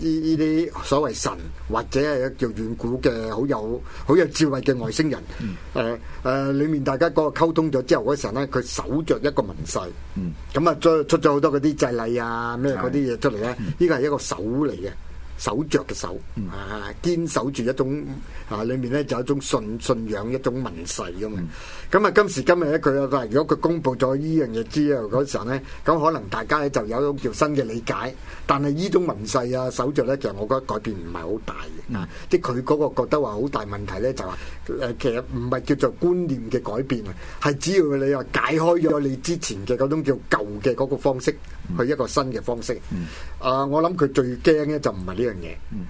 呢依啲所謂神或者係叫遠古嘅好有好有智慧嘅外星人，誒、嗯、誒、呃，裡面大家嗰個溝通咗之後嗰時候咧，佢守着一個民世，咁、嗯、啊什麼東西出出咗好多嗰啲祭禮啊咩嗰啲嘢出嚟咧，呢個係一個守嚟嘅。 守著嘅守啊，堅守住一種啊，裏面咧就有一種信信仰一種民勢咁啊。咁啊，今時今日咧，佢佢如果佢公布咗呢樣嘢之後嗰時候咧，咁可能大家咧就有種叫新嘅理解。但係呢種民勢啊，守著咧，其實我覺得改變唔係好大嘅。即係佢嗰個覺得話好大問題咧，就話誒，其實唔係叫做觀念嘅改變啊，係只要你話解開咗你之前嘅嗰種叫舊嘅嗰個方式去一個新嘅方式。啊，我諗佢最驚咧就唔係呢。嘢、嗯，嗯，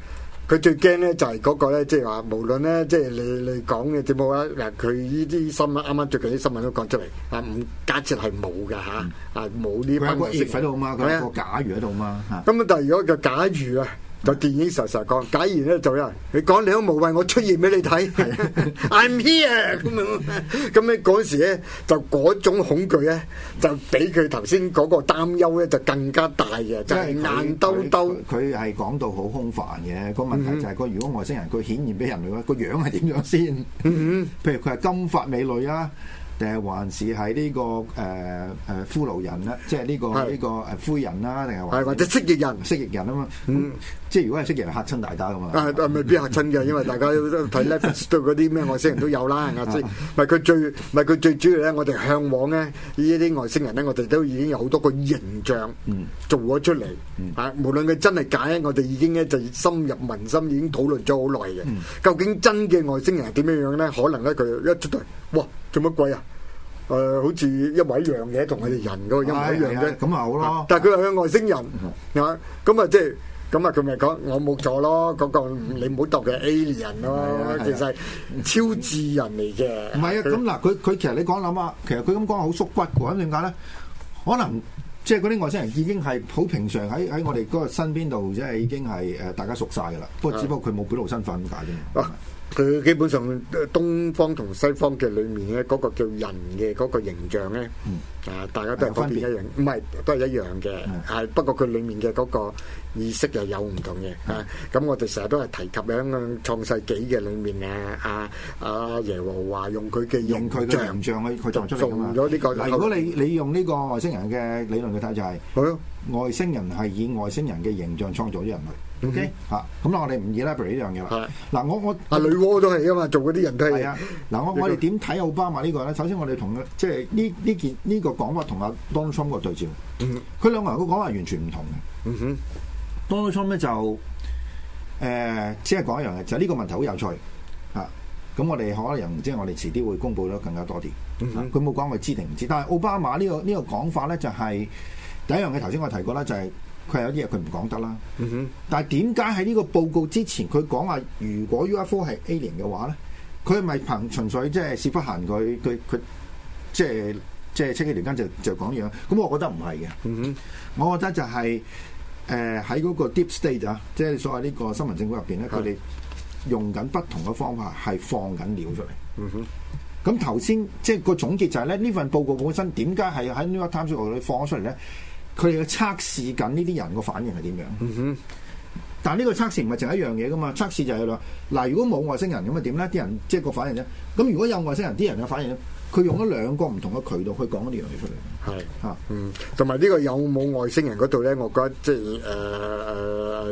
佢最驚咧就係嗰個咧，即係話無論咧，即係你你講嘅節目咧，嗱，佢呢啲新聞啱啱最近啲新聞都講出嚟，啊，假設係冇嘅吓，嗯、啊，冇呢筆錢，係一個假如喺度嘛，咁但係如果叫假如啊。就電影實實講，假如咧就有人，你講你都無謂，我出現俾你睇 ，I'm here 咁 樣。咁咧嗰時咧，就嗰種恐懼咧，就比佢頭先嗰個擔憂咧就更加大嘅，就係、是、硬兜兜。佢係講到好空泛嘅，個、嗯、問題就係佢如果外星人佢顯現俾人類個、嗯、樣係點樣先、嗯？譬如佢係金髮美女啊，定係還是係呢、這個誒誒骷髏人啦？即係呢個呢個誒灰人啊？定係、這個這個啊、或者蜥蜴人？蜥蜴人啊嘛。嗯即係如果係出嚟嚇親大家咁啊，啊，未必邊嚇親嘅？ 因為大家睇 Netflix 對嗰啲咩外星人都有啦。唔係佢最，唔係佢最主要咧。我哋嚮往呢，呢啲外星人呢，我哋都已經有好多個形象做咗出嚟、嗯。啊，無論佢真係假，我哋已經咧就深入民心，已經討論咗好耐嘅。究竟真嘅外星人係點樣樣呢？可能咧佢一出嚟，哇，做乜鬼啊？誒、呃，好似一位樣嘢同佢哋人嗰個一模一樣啫。咁、哎、啊、哎、好咯。但係佢向外星人，係、嗯、咁啊即係。咁、那個、啊，佢咪講我冇咗咯，嗰個你唔好讀嘅 alien 咯，其實超智人嚟嘅。唔、嗯、係啊，咁嗱，佢佢其實你講諗下，其實佢咁講好縮骨嘅，咁點解咧？可能即係嗰啲外星人已經係好平常喺喺我哋嗰個身邊度，即係已經係大家熟晒嘅啦。不過只不過佢冇表露身份咁解啫。啊佢基本上，東方同西方嘅裏面咧，嗰個叫人嘅嗰個形象咧，啊，大家都係分別一樣，唔係都係一樣嘅。啊，不過佢裏面嘅嗰個意識又有唔同嘅。啊，咁我哋成日都係提及喺個創世紀嘅裏面啊，阿阿耶和華用佢嘅形象去創造咗呢個。嗱，如果你你用呢個外星人嘅理論嚟睇，就係外星人係以外星人嘅形象創造咗人類。O K. 嚇，咁啦、啊，我哋唔啦。拉布呢樣嘢啦。嗱，我我阿女鍋都係啊嘛，做嗰啲人都係啊。嗱、啊這個啊，我我哋點睇奧巴馬這個呢個咧？首先我哋同即係呢呢件呢個講法同阿 Donald Trump 個對照。佢、mm、兩 -hmm. 個人嘅講法完全唔同。嗯、mm、哼 -hmm.，Donald Trump 咧就誒，即係講一樣嘢，就係、是、呢個問題好有趣嚇。咁、啊、我哋可能即係我哋遲啲會公佈咗更加多啲。佢冇講佢知定唔知？但係奧巴馬呢、這個呢、這個講法咧就係、是、第一樣嘢，頭先我提過啦，就係、是。佢有啲嘢佢唔講得啦，但係點解喺呢個報告之前佢講說話，如果 UFO 係 alien 嘅話咧，佢係咪憑純粹即係事不閒佢佢佢即係即係七幾年間就就講樣，這個？咁我覺得唔係嘅，哼，我覺得就係誒喺嗰個 deep state 啊，即係所謂呢個新聞政府入邊咧，佢哋用緊不同嘅方法係放緊料出嚟，哼。咁頭先即係個總結就係、是、咧，呢份報告本身點解係喺 New York Times 度放咗出嚟咧？佢哋嘅測試緊呢啲人個反應係點樣？嗯哼，但係呢個測試唔係淨係一樣嘢噶嘛，測試就係啦。嗱，如果冇外星人咁啊點咧？啲人即係、就是、個反應咧。咁如果有外星人，啲人嘅反應咧，佢用咗兩個唔同嘅渠道去講呢樣嘢出嚟。係嚇，嗯，同埋呢個有冇外星人嗰度咧？我覺得即係誒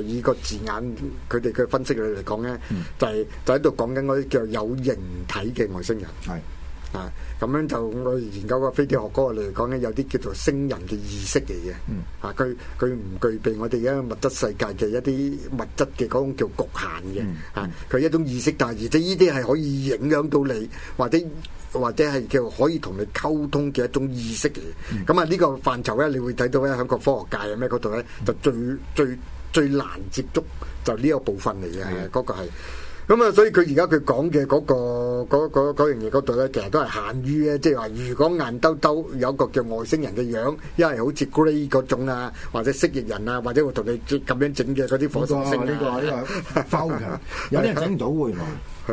誒，以個字眼佢哋嘅分析嚟嚟講咧、嗯，就係就喺度講緊嗰啲叫有形體嘅外星人。係。啊，咁樣就我研究個飛碟學嗰嚟講呢，有啲叫做星人嘅意識嚟嘅、嗯。啊，佢佢唔具備我哋而家物質世界嘅一啲物質嘅嗰種叫局限嘅、嗯嗯。啊，佢一種意識，但係而且呢啲係可以影響到你，或者或者係叫可以同你溝通嘅一種意識嚟。咁、嗯、啊，呢個範疇呢，你會睇到呢，喺個科學界咩嗰度呢？就最、嗯、最最難接觸，就呢個部分嚟嘅。係、嗯。嗰、嗰個係。咁、嗯、啊，所以佢而家佢講嘅嗰個嗰嗰嗰樣嘢嗰度咧，其實都係限於咧，即係話如果硬兜兜有一個叫外星人嘅樣，因為好似 gray 嗰種啊，或者蜥蜴人啊，或者會同你咁樣整嘅嗰啲火星星、啊這個。哦、這個，呢、這個呢個，fire 有人整到會原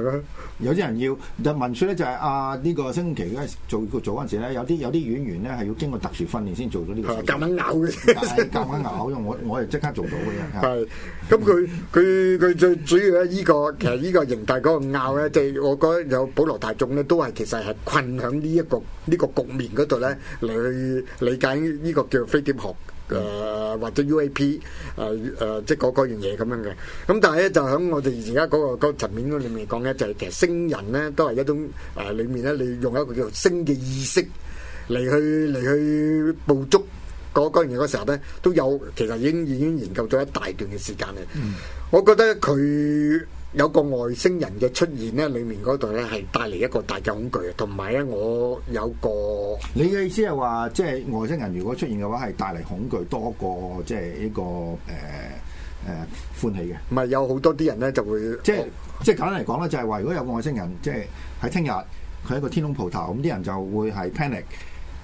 係有啲人要民就問出咧，就係啊呢、這個星期咧做個組嗰陣時咧，有啲有啲演員咧係要經過特殊訓練先做咗呢個。夾硬咬嘅，夾硬咬咁， 我我又即刻做到嘅。係，咁佢佢佢最主要咧、這個，呢個其實呢個形態嗰個咬咧，即、就、係、是、我覺得有保羅大眾咧，都係其實係困喺呢一個呢、這個局面嗰度咧嚟理解呢個叫飛碟學。誒、嗯呃、或者 UAP 誒、呃、誒、呃、即係嗰樣嘢咁樣嘅，咁但係咧就喺我哋而家嗰個層面裏面嚟講咧，就係、是、其實星人咧都係一種誒裏、呃、面咧，你用一個叫做星嘅意識嚟去嚟去捕捉嗰樣嘢嗰時候咧，都有其實已經已經研究咗一大段嘅時間咧、嗯。我覺得佢。有個外星人嘅出現咧，裡面嗰度咧係帶嚟一個大嘅恐懼啊！同埋咧，我有個你嘅意思係話，即係外星人如果出現嘅話，係帶嚟恐懼多過即係呢個誒誒歡喜嘅。唔係有好多啲人咧就會即係即係簡單嚟講咧，就係話如果有個外星人即係喺聽日佢喺個天空蒲頭，咁啲人就會係 panic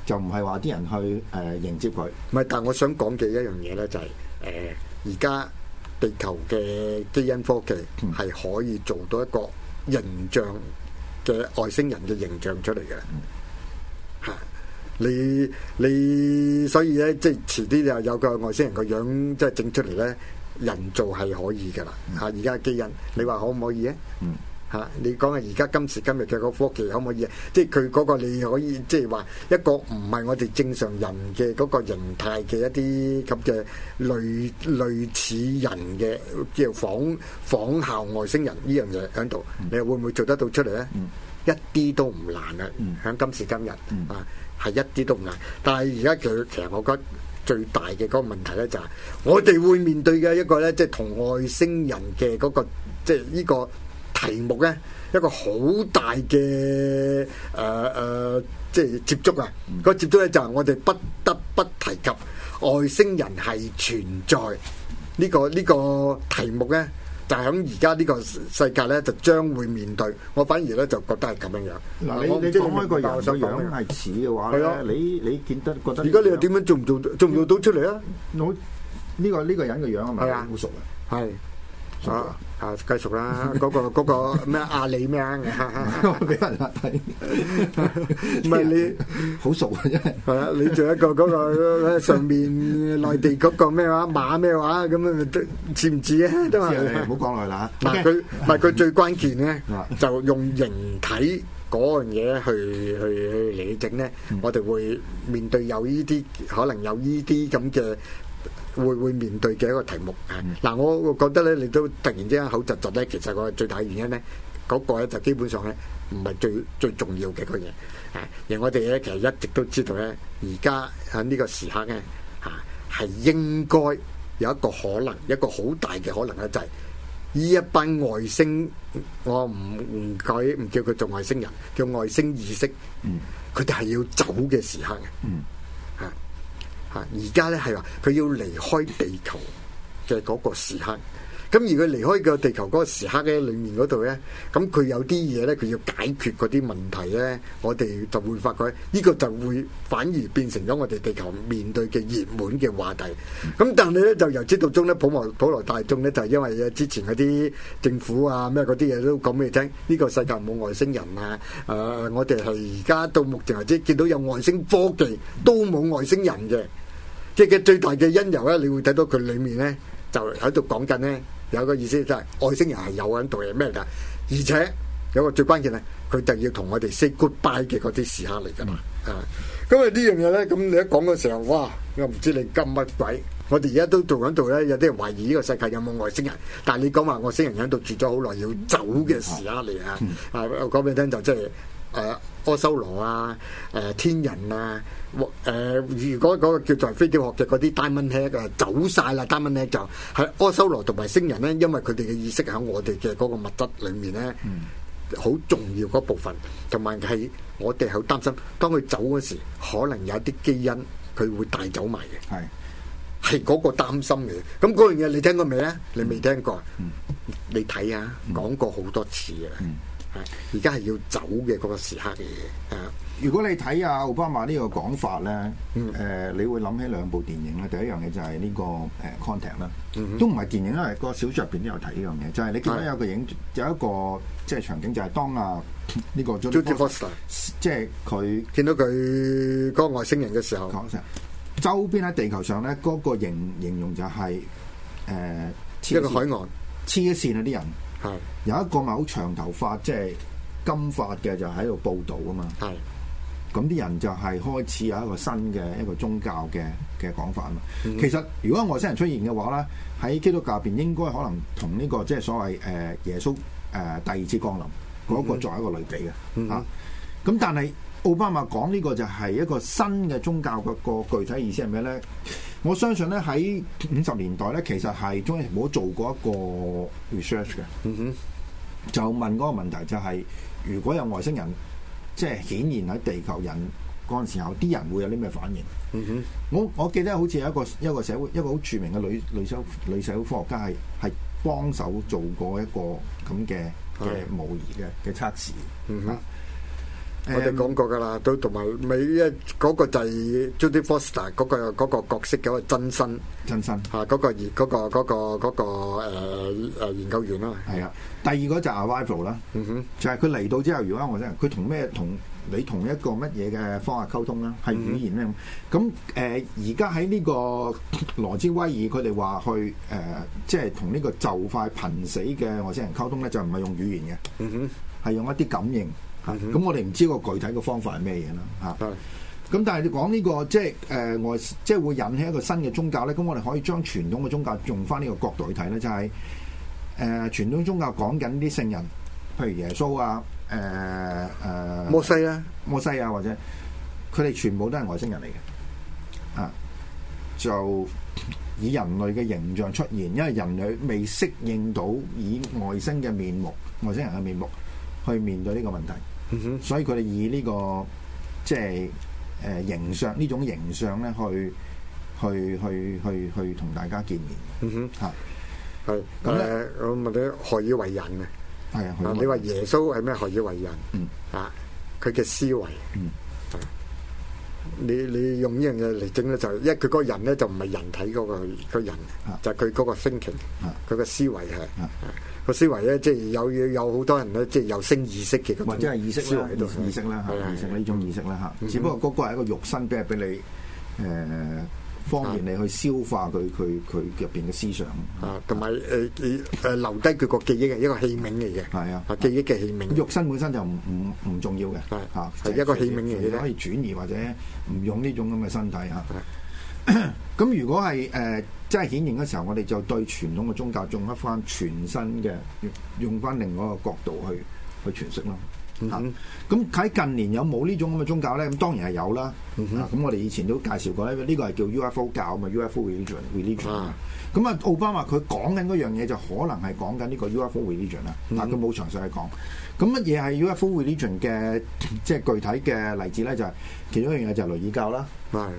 就唔係話啲人去誒迎接佢。唔係，但係我想講嘅一樣嘢咧就係誒而家。呃地球嘅基因科技係可以做到一個形象嘅外星人嘅形象出嚟嘅嚇，你你所以咧，即係遲啲就有個外星人個樣，即係整出嚟咧，人造係可以嘅啦吓，而家基因你話可唔可以咧？嗯嚇！你講下，而家今時今日嘅個科技可唔可以啊？即係佢嗰個你可以即係話一個唔係我哋正常人嘅嗰個形態嘅一啲咁嘅類類似人嘅，叫仿仿效外星人呢樣嘢喺度，你會唔會做得到出嚟咧？一啲都唔難啊！喺今時今日啊，係一啲都唔難。但係而家佢其實我覺得最大嘅嗰個問題咧就係，我哋會面對嘅一個咧，即係同外星人嘅嗰個即係呢個。題目咧一個好大嘅誒誒，即係接觸啊！個接觸咧就係我哋不得不提及外星人係存在呢個呢個題目咧，就喺而家呢個世界咧就將會面對。我反而咧就覺得係咁樣樣。嗱，你你講開個人嘅樣係似嘅話咧，你你見得覺得而家你又點樣做唔做做唔做到出嚟啊？我呢個呢個人嘅樣係咪好熟啊？係。啊，啊，繼續啦，嗰個嗰個咩阿里咩，俾人睇。唔係你好熟啊，係啦，你仲有一個嗰個上面內地嗰個咩話馬咩話咁啊，似唔似啊？都係唔好講耐啦嚇。佢唔係佢最關鍵咧，就用形體嗰樣嘢去去去理整咧。我哋會面對有依啲可能有依啲咁嘅。會會面對嘅一個題目啊！嗱，我覺得咧，你都突然之間口窒窒咧，其實個最大原因咧，嗰個咧就基本上咧，唔係最最重要嘅個嘢啊！而我哋咧其實一直都知道咧，而家喺呢個時刻咧嚇係應該有一個可能，一個好大嘅可能咧，就係呢一班外星，我唔唔改唔叫佢做外星人，叫外星意識，嗯，佢哋係要走嘅時刻嘅，嗯，嚇。而家咧係話佢要離開地球嘅嗰個時刻，咁而佢離開個地球嗰個時刻嘅裏面嗰度咧，咁佢有啲嘢咧，佢要解決嗰啲問題咧，我哋就會發覺呢個就會反而變成咗我哋地球面對嘅熱門嘅話題。咁但係咧就由始到終咧，普羅普羅大眾咧就係因為之前嗰啲政府啊咩嗰啲嘢都講俾你聽，呢個世界冇外星人啊，誒我哋係而家到目前為止見到有外星科技都冇外星人嘅。即係，佢最大嘅因由咧，你會睇到佢裏面咧就喺度講緊咧，有個意思就係、是、外星人係有喺度嘅咩噶，而且有個最關鍵係佢就要同我哋 say goodbye 嘅嗰啲時刻嚟噶嘛，mm -hmm. 啊！咁啊呢樣嘢咧，咁你一講嘅時候，哇！我唔知你急乜鬼，我哋而家都做緊度咧，有啲人懷疑呢個世界有冇外星人，但係你講話外星人喺度住咗好耐要走嘅時刻嚟、mm -hmm. 啊！啊我講俾你聽就即係誒阿修羅啊誒、呃、天人啊。誒，如果嗰個叫做飛碟學嘅嗰啲 Diamond Head 啊走曬啦，Diamond Head 就係阿修羅同埋星人咧，因為佢哋嘅意識喺我哋嘅嗰個物質裡面咧，好重要嗰部分，同埋係我哋好擔心，當佢走嗰時，可能有啲基因佢會帶走埋嘅，係係嗰個擔心嘅。咁嗰樣嘢你聽過未咧？你未聽過？你睇啊，講過好多次啦。而家係要走嘅嗰個時刻嘅嘢。啊，如果你睇阿奧巴馬這個法呢個講法咧，誒、嗯呃，你會諗起兩部電影咧。第一樣嘢就係呢個誒 contact、嗯啦，都唔係電影，因為個小說入邊都有睇呢樣嘢。就係、是、你見到有個影有一個即係、就是、場景，就係當啊呢、這個 Jodie Foster，即係佢見到佢嗰個外星人嘅時候，周邊喺地球上咧，嗰、那個形形容就係、是、誒、呃、一,一個海岸黐線嗰啲人。係，有一個咪好長頭髮，即係金髮嘅，就喺、是、度、就是、報道啊嘛。係，咁啲人就係開始有一個新嘅一個宗教嘅嘅講法啊嘛、嗯。其實如果外星人出現嘅話咧，喺基督教入邊應該可能同呢、這個即係、就是、所謂誒耶穌誒第二次降臨嗰一、那個作為一個類比嘅嚇。咁、嗯嗯啊、但係奧巴馬講呢個就係一個新嘅宗教嘅個具體意思係咩呢？我相信咧喺五十年代咧，其實係中意冇做過一個 research 嘅。哼，就問嗰個問題就係、是，如果有外星人，即、就、係、是、顯現喺地球人嗰陣時候，啲人會有啲咩反應？嗯、哼，我我記得好似有一個一個社會一個好著名嘅女女小女社會科學家係係幫手做過一個咁嘅嘅模擬嘅嘅測試。嗯、哼。啊 我哋講過㗎啦，都同埋美一嗰個就係 Jodie Foster 嗰、那個那個角色嘅、那個、真身，真身嚇嗰、啊那個二嗰、那個嗰、那個嗰、那個、呃、研究員啦。係啊，第二個就係 Arrival 啦，哼，就係佢嚟到之後，如果外星人佢同咩同你同一個乜嘢嘅方法溝通啦，係語言咧。咁誒而家喺呢個羅斯威爾他們說，佢哋話去誒，即係同呢個就快瀕死嘅外星人溝通咧，就唔係用語言嘅，嗯、哼，係用一啲感應。咁、嗯、我哋唔知個具體嘅方法係咩嘢啦，吓。咁但係你講呢個即係誒，外、呃、即係會引起一個新嘅宗教咧。咁我哋可以將傳統嘅宗教用翻呢個角度去睇咧，就係、是、誒，傳、呃、統宗教講緊啲聖人，譬如耶穌啊，誒、呃、誒，摩西咧，摩西啊，或者佢哋全部都係外星人嚟嘅，啊，就以人類嘅形象出現，因為人類未適應到以外星嘅面目、外星人嘅面目去面對呢個問題。 所以佢哋以呢、這個即係、就是呃、形象呢種形象咧，去去去去去同大家見面。嗯哼，係、嗯嗯嗯、我問你何以為人啊？係啊，你話耶穌係咩何以為人？嗯，啊，佢嘅思維。嗯。你你用呢樣嘢嚟整咧，就因為佢嗰人咧，就唔係人體嗰、嗰個、嗰個人，就係佢嗰個 thinking，佢、啊、個思維係，個、啊、思維咧，即係有有好多人都即係有升意識嘅，咁，思維喺度意識啦，係成為呢種意識啦吓、嗯，只不過嗰個係一個肉身俾俾你誒。呃方便你去消化佢佢佢入邊嘅思想，啊，同埋誒誒留低佢個記憶嘅一個器皿嚟嘅，係啊，記憶嘅器皿，肉身本身就唔唔唔重要嘅，係啊，係、就是、一個器皿嚟嘅，可以轉移或者唔用呢種咁嘅身體嚇。咁、啊啊、 如果係誒、呃、真係顯形嘅時候，我哋就對傳統嘅宗教的用一翻全新嘅用用翻另外一個角度去去詮釋咯。咁、嗯、喺近年有冇呢種咁嘅宗教咧？咁當然係有啦。咁、嗯啊、我哋以前都介紹過咧，呢、呢個係叫 UFO 教啊嘛，UFO religion, religion。咁啊，奧巴馬佢講緊嗰樣嘢就可能係講緊呢個 UFO religion 啦、啊。但佢冇詳細講。咁乜嘢係 UFO religion 嘅即係具體嘅例子咧？就係、係、其中一樣嘢就係雷爾教啦。嗯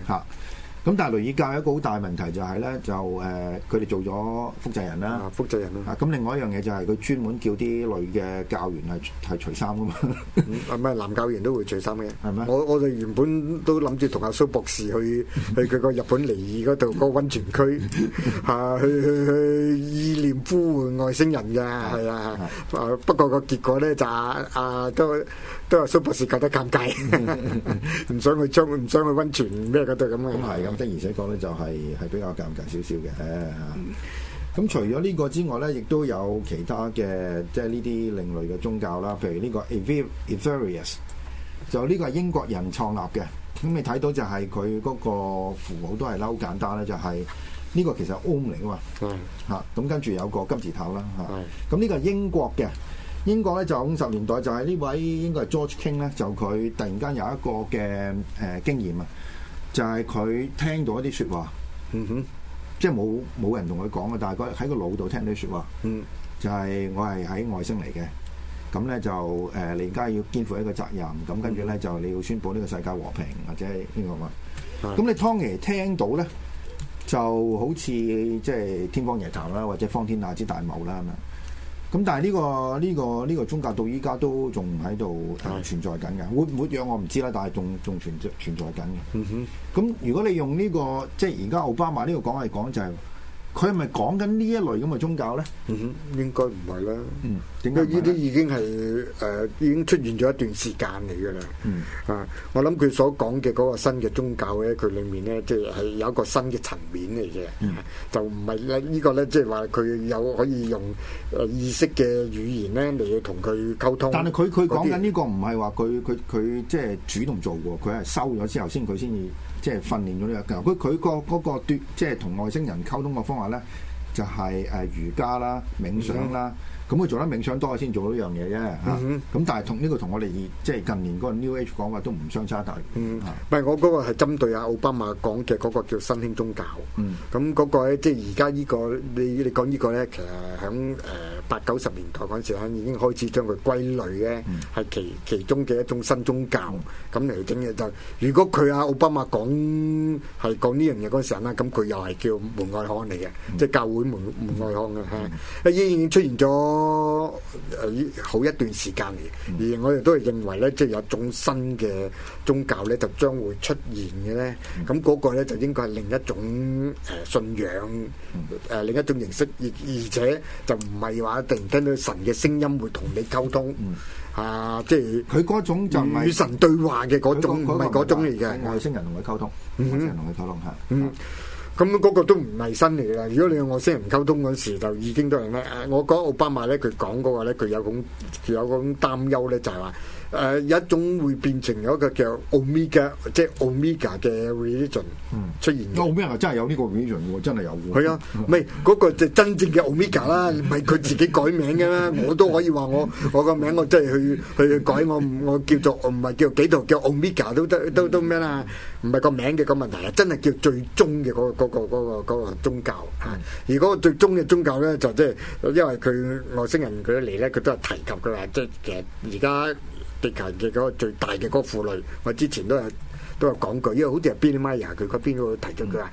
咁但係雷爾教一個好大問題就係、係、咧就誒佢哋做咗複製人啦、啊，複製人啦。咁、啊、另外一樣嘢就係、係、佢專門叫啲女嘅教員係係除衫噶嘛，唔、嗯、係、啊、男教員都會除衫嘅。我我哋原本都諗住同阿蘇博士去 去佢個日本離異嗰度個温泉區， 啊、去去去意念呼喚外星人㗎，係 啊、啊、啊、啊，不過個結果咧就啊、啊都。都話蘇博士覺得尷尬，唔 想去將唔想去温泉咩覺得咁嘅。咁係咁，即 而且講咧、就是，就係係比較尷尬少少嘅。咁、嗯、除咗呢個之外咧，亦都有其他嘅，即係呢啲另類嘅宗教啦。譬如呢個 Aetherius 就呢個係英國人創立嘅。咁你睇到就係佢嗰個符號都係好簡單咧，就係、是、呢個其實 Om 嚟嘅嘛。係。咁、啊、跟住有個金字塔啦。係、啊。咁呢、啊、個英國嘅。英國咧就五十年代就係、是、呢位應該係 George King 咧，就佢突然間有一個嘅誒、呃、經驗啊，就係、是、佢聽到一啲説話，嗯哼，即係冇冇人同佢講嘅，但係佢喺個腦度聽到啲説話，嗯，就係、是、我係喺外星嚟嘅，咁咧就誒、呃，你而家要肩負一個責任，咁跟住咧就你要宣佈呢個世界和平或者呢個咁，嗯、你陶爺聽到咧就好似即係天方夜譚啦，或者方天亞之大謬啦咁啊！咁但係呢個呢個呢個宗教到依家都仲喺度存在緊嘅，活唔活躍我唔知啦，但係仲仲存在存在緊嘅。咁、嗯、如果你用呢個即係而家奧巴馬呢個講係講就係、是。佢係咪講緊呢一類咁嘅宗教咧？嗯哼，應該唔係啦。嗯，點解？因為呢啲已經係誒、呃、已經出現咗一段時間嚟嘅啦。嗯啊，我諗佢所講嘅嗰個新嘅宗教咧，佢裏面咧即係有一個新嘅層面嚟嘅、嗯。就唔係咧呢個咧，即係話佢有可以用意識嘅語言咧嚟去同佢溝通。但係佢佢講緊呢個唔係話佢佢佢即係主動做喎，佢係收咗之後先佢先至。即係訓練咗呢個，佢佢個嗰個即係同外星人溝通嘅方法咧，就係誒瑜伽啦、冥想啦。咁佢做得冥想多先做到呢樣嘢啫，咁但係同呢個同我哋即係近年嗰個 New Age 講法都唔相差大。唔係我嗰個係針對阿奧巴馬講嘅嗰個叫新興宗教。咁嗰個咧，即係而家呢個你你講呢個咧，其實喺誒八九十年代嗰陣時咧，已經開始將佢歸類咧，係其其中嘅一種新宗教咁嚟整嘅。就如果佢阿奧巴馬講係講呢樣嘢嗰陣時候咧，咁佢又係叫門外漢嚟嘅，即係教會門門外漢嘅嚇。依已經出現咗。多好一段時間嚟，而我哋都係認為咧，即係有一種新嘅宗教咧，就將會出現嘅咧。咁嗰個咧就應該係另一種誒信仰，誒另一種形式，而而且就唔係話一定聽到神嘅聲音會同你溝通，啊，即係佢嗰種就唔係神對話嘅嗰種，唔係嗰種嚟嘅，外星人同佢溝通，外星人同佢溝通吓。咁、那、嗰個都唔係新嚟㗎，如果你同我私人溝通嗰時，就已經都係咧、啊。我講奧巴馬呢，佢講嗰個呢，佢有種佢有種擔憂咧，就係、話。誒、呃、有一種會變成有一個叫 Omega，即係 Omega 嘅 religion 出現咗。Omega 真係有呢個 religion 喎，真係有。係啊，唔係嗰個就真正嘅 Omega 啦，唔係佢自己改名嘅啦。我都可以話我我個名，我真係去去改我我叫做唔係叫幾度，叫 Omega 都得，都都咩啦？唔係個名嘅個問題啊，真係叫最終嘅嗰、那個嗰、那個嗰嗰、那個那個那個宗教。如、嗯、果最終嘅宗教咧，就即、就、係、是、因為佢外星人佢嚟咧，佢都係提及佢話，即係其實而家。地球嘅嗰個最大嘅嗰個負累，我之前都有都有講過，因為好似係 Bill Maher 佢嗰邊個提出佢話。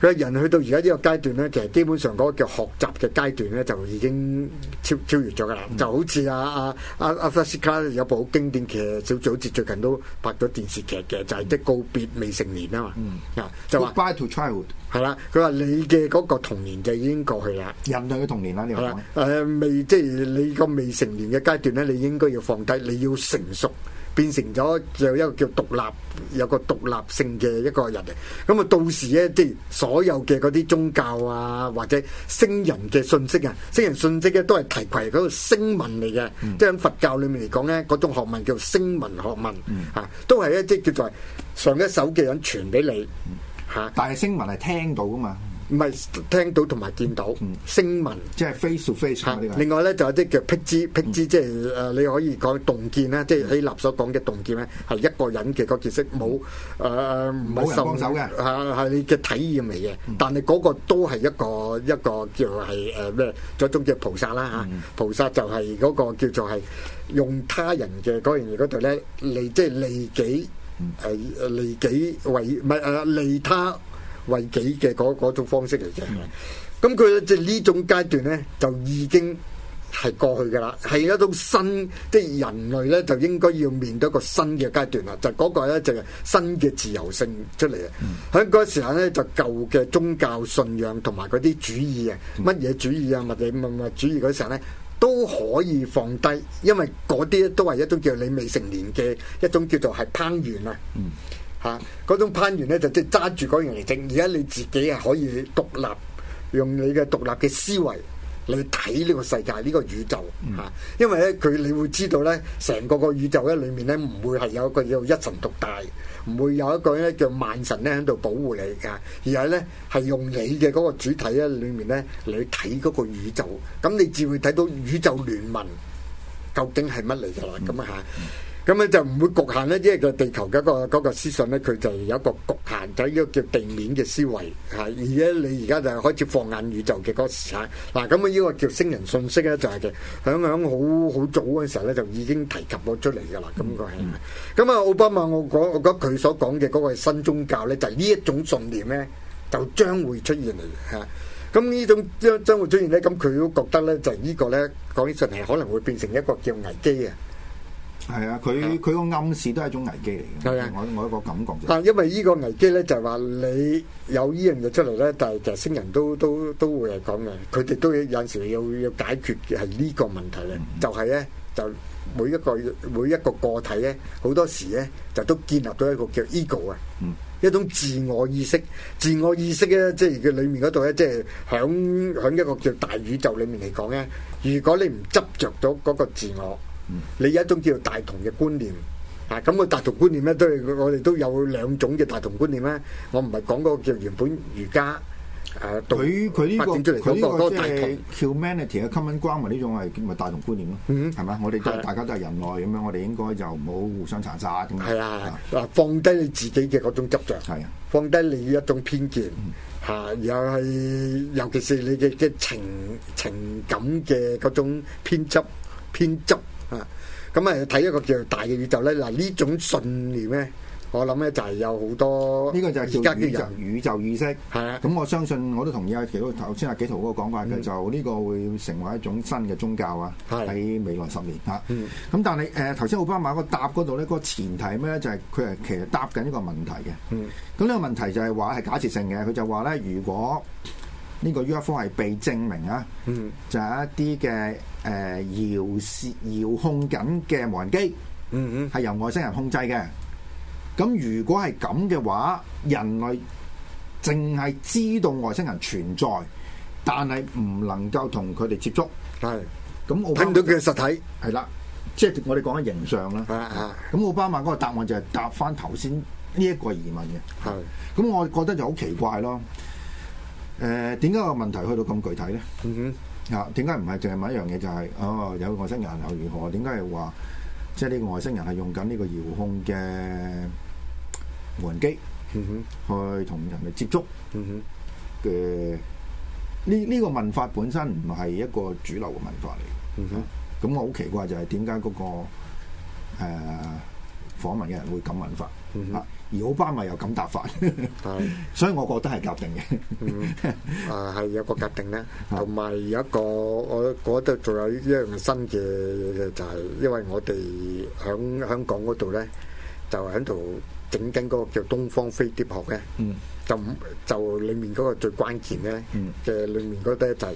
佢人去到而家呢個階段咧，其實基本上嗰個叫學習嘅階段咧，就已經超超越咗噶啦。就好似阿阿阿阿弗斯卡有部好經典嘅小組節，好似最近都拍咗電視劇嘅，就係《即告別未成年》啊嘛。嗯。啊，就話。Bye to childhood。係啦，佢話你嘅嗰個童年就已經過去說說啦。人嘅童年啦，你講。誒，未即係、就是、你個未成年嘅階段咧，你應該要放低，你要成熟。變成咗有一個叫獨立，有個獨立性嘅一個人嚟。咁啊，到時咧，即係所有嘅嗰啲宗教啊，或者聖人嘅信息啊，聖人信息咧都係提携嗰個聲聞嚟嘅。即係喺佛教裏面嚟講咧，嗰種學問叫聲聞學問，吓、嗯啊、都係一即係叫做上一手嘅人傳俾你，吓、啊。但係聲聞係聽到噶嘛。唔係聽到，同埋見到聲聞，嗯、即係 face to face。另外咧就有啲叫辟支，辟支即係你可以講洞見啦，即係希臘所講嘅洞見咧，係一個人嘅個結識，冇誒唔係受人手，係你嘅體驗嚟嘅、嗯。但係嗰個都係一個一個叫係咩，最終叫菩薩啦、嗯、菩薩就係嗰個叫做係用他人嘅嗰樣嘢嗰度咧，利即係、就是、利己、嗯、利己為唔係利他。為己嘅嗰嗰種方式嚟嘅，咁佢即係呢種階段呢，就已經係過去噶啦，係一種新即係、就是、人類呢，就應該要面對一個新嘅階段啦，就嗰、是、個呢，就係新嘅自由性出嚟啊！喺、嗯、嗰時候呢，就舊嘅宗教信仰同埋嗰啲主義啊，乜嘢主義啊，乜嘢物物主義嗰時候呢，都可以放低，因為嗰啲都係一種叫你未成年嘅一種叫做係攀援啊。嗯吓、啊，嗰種攀援咧就即係揸住嗰樣嚟整，而家你自己係可以獨立，用你嘅獨立嘅思維嚟睇呢個世界呢、呢個宇宙吓、啊，因為咧佢你會知道咧，成個個宇宙咧裏面咧唔會係有一個叫一神獨大，唔會有一個咧叫萬神咧喺度保護你噶、啊，而係咧係用你嘅嗰個主體咧裏面咧嚟睇嗰個宇宙，咁你至會睇到宇宙聯盟究竟係乜嚟噶啦咁啊吓。啊咁咧就唔會局限因為、嗰個嗰個、呢，即係個地球嘅一個嗰個思想咧，佢就有一個局限喺一個叫地面嘅思維。而家你而家就開始放眼宇宙嘅嗰個時嗱，咁啊呢個叫星人信息咧就係、是、嘅，響響好好早嗰時時候咧就已經提及到出嚟㗎啦。咁個係咁啊，奧巴馬我講，我覺得佢所講嘅嗰個新宗教咧，就係、是、呢一種信念咧，就將會出現嚟嚇。咁、啊、呢種將將會出現咧，咁佢都覺得咧，就係、是、呢個咧講起出嚟可能會變成一個叫危機係啊，佢佢個暗示都係一種危機嚟嘅，我我一個感覺、就係、但係。因為呢個危機咧，就係話你有呢樣嘢出嚟咧，但係外星人都都都會係講嘅，佢哋都有時要要解決嘅係呢個問題咧。就係咧，就每一個每一個個體咧，好多時咧就都建立咗一個叫 ego 啊、嗯，一種自我意識。自我意識咧，即係佢裏面嗰度咧，即係響響一個叫大宇宙裏面嚟講咧，如果你唔執着咗嗰個自我。你有一種叫做大同嘅觀念，嚇、啊、咁、那個大同觀念咧，都係我哋都有兩種嘅大同觀念啦。我唔係講嗰個叫原本儒家，誒、啊，佢佢呢個佢呢、那個即係、就是那個、humanity 嘅 common ground 呢種係叫咪大同觀念咯？嗯，係嘛？我哋都係、啊、大家都係人類咁樣，我哋應該就唔好互相殘殺咁啊！係啊，放低你自己嘅嗰種執著，係、啊、放低你一種偏見嚇，然後係尤其是你嘅嘅情情感嘅嗰種偏執偏執。啊，咁啊睇一個叫大嘅宇宙咧，嗱、啊、呢種信念咧，我諗咧就係有好多，呢、呢個就係叫宇宙宇宙意識，係咁我相信我都同意阿紀陶頭先阿紀陶嗰個講法嘅、嗯，就呢個會成為一種新嘅宗教啊，喺未來十年咁、啊嗯、但係誒頭先奧巴馬個答嗰度咧，個前提咩咧？就係佢係其實答緊呢個問題嘅。咁、嗯、呢個問題就係話係假設性嘅，佢就話咧如果。呢、這個 UFO 係被證明啊、嗯，就有、是、一啲嘅誒遙視遙控緊嘅無人機，嗯嗯，係由外星人控制嘅。咁如果係咁嘅話，人類淨係知道外星人存在，但係唔能夠同佢哋接觸。係，咁我睇到佢嘅實體。係啦，即、就、係、是、我哋講緊形象。啦。啊啊！咁奧巴馬嗰個答案就係答翻頭先呢一個疑問嘅。係，咁我覺得就好奇怪咯。誒點解個問題去到咁具體咧？Mm -hmm. 啊，點解唔係淨係問一樣嘢就係、是、哦有外星人又如何？點解係話即係呢個外星人係用緊呢個遙控嘅無人機去同人哋接觸嘅？呢、mm、呢 -hmm. 啊呢個問法本身唔係一個主流嘅問法嚟嘅。咁、mm -hmm. 我好奇怪就係點解嗰個誒、呃、訪問嘅人會咁問法、mm -hmm. 啊如果巴咪有咁答法，係， 所以我覺得係夾定嘅、嗯。啊，係有個夾定咧，同埋有一個，我嗰度仲有一樣新嘅，就係、是、因為我哋喺香港嗰度咧，就喺度整緊嗰個叫東方飛碟學嘅、嗯，就就裡面嗰個最關鍵咧嘅、嗯、裡面嗰啲就係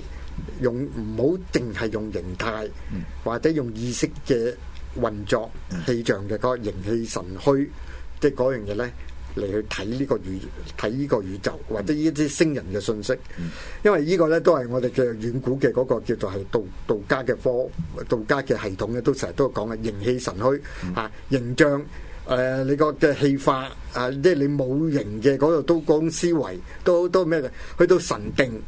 用唔好淨係用形態、嗯，或者用意識嘅運作氣象嘅嗰、那個形氣神虛。即係嗰樣嘢咧，嚟去睇呢個宇睇呢個宇宙或者呢啲星人嘅信息，因為個呢個咧都係我哋嘅遠古嘅嗰個叫做係道道家嘅科道家嘅系統咧，都成日都講嘅形氣神虛嚇、啊、形象。誒、呃、你個嘅氣化啊，即係你冇形嘅嗰度都嗰、嗰個、思維都好咩嘅，去到神定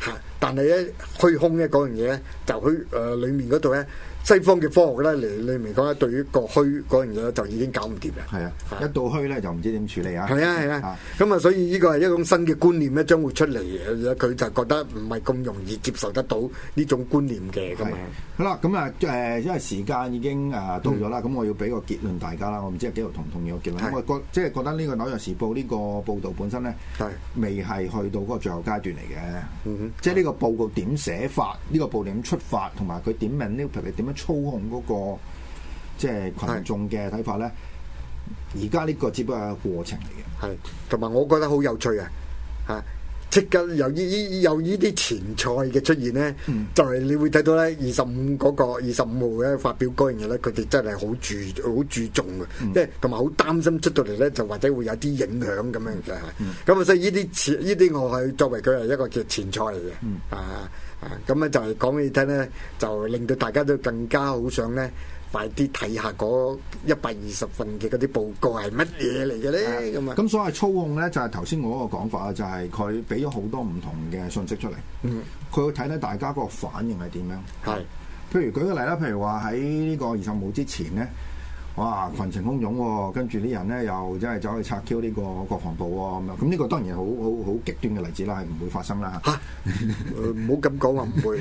嚇。啊但係咧虛空咧嗰樣嘢咧，就去誒裏面嗰度咧，西方嘅科學咧嚟裏面講咧，對於個虛嗰樣嘢就已經搞唔掂啦。係啊，一到虛咧就唔知點處理啊。係啊係啊，咁啊，啊，啊所以呢個係一種新嘅觀念咧，將會出嚟，佢就覺得唔係咁容易接受得到呢種觀念嘅。係。好啦，咁啊誒、啊啊，因為時間已經啊到咗啦，咁、嗯、我要俾個結論大家啦。我唔知阿紀陶同唔同意個結論。係。我覺即係覺得呢個紐約時報呢個報導本身咧，係未係去到嗰個最後階段嚟嘅。嗯哼。即係呢個。報告點寫法？呢個報點出發，同埋佢點問呢？特你點樣操控嗰個即係群眾嘅睇法咧？而家呢個只不過係過程嚟嘅，係同埋我覺得好有趣啊。嚇、啊。即刻有依依有依啲前菜嘅出現呢、嗯，就係、是、你會睇到咧、那個，二十五嗰個二十五號咧發表嗰樣嘢咧，佢哋真係好注好注重嘅，即係同埋好擔心出到嚟咧，就或者會有啲影響咁樣嘅係。咁、嗯嗯、啊，所以呢啲呢啲我係作為佢係一個叫前菜嚟嘅，啊啊咁咧就係講俾你聽咧，就令到大家都更加好想咧。快啲睇下嗰一百二十份嘅嗰啲報告係乜嘢嚟嘅咧？咁啊，咁所謂操控咧就係頭先我嗰個講法啊，就係佢俾咗好多唔同嘅信息出嚟，嗯，佢會睇睇大家個反應係點樣。係，譬如舉個例啦，譬如話喺呢個二十五之前咧。哇！群情洶湧，跟住啲人咧又真係走去拆 Q 呢個國防部喎，咁啊！咁呢個當然好好好極端嘅例子啦，係唔會發生啦嚇！唔好咁講話唔會，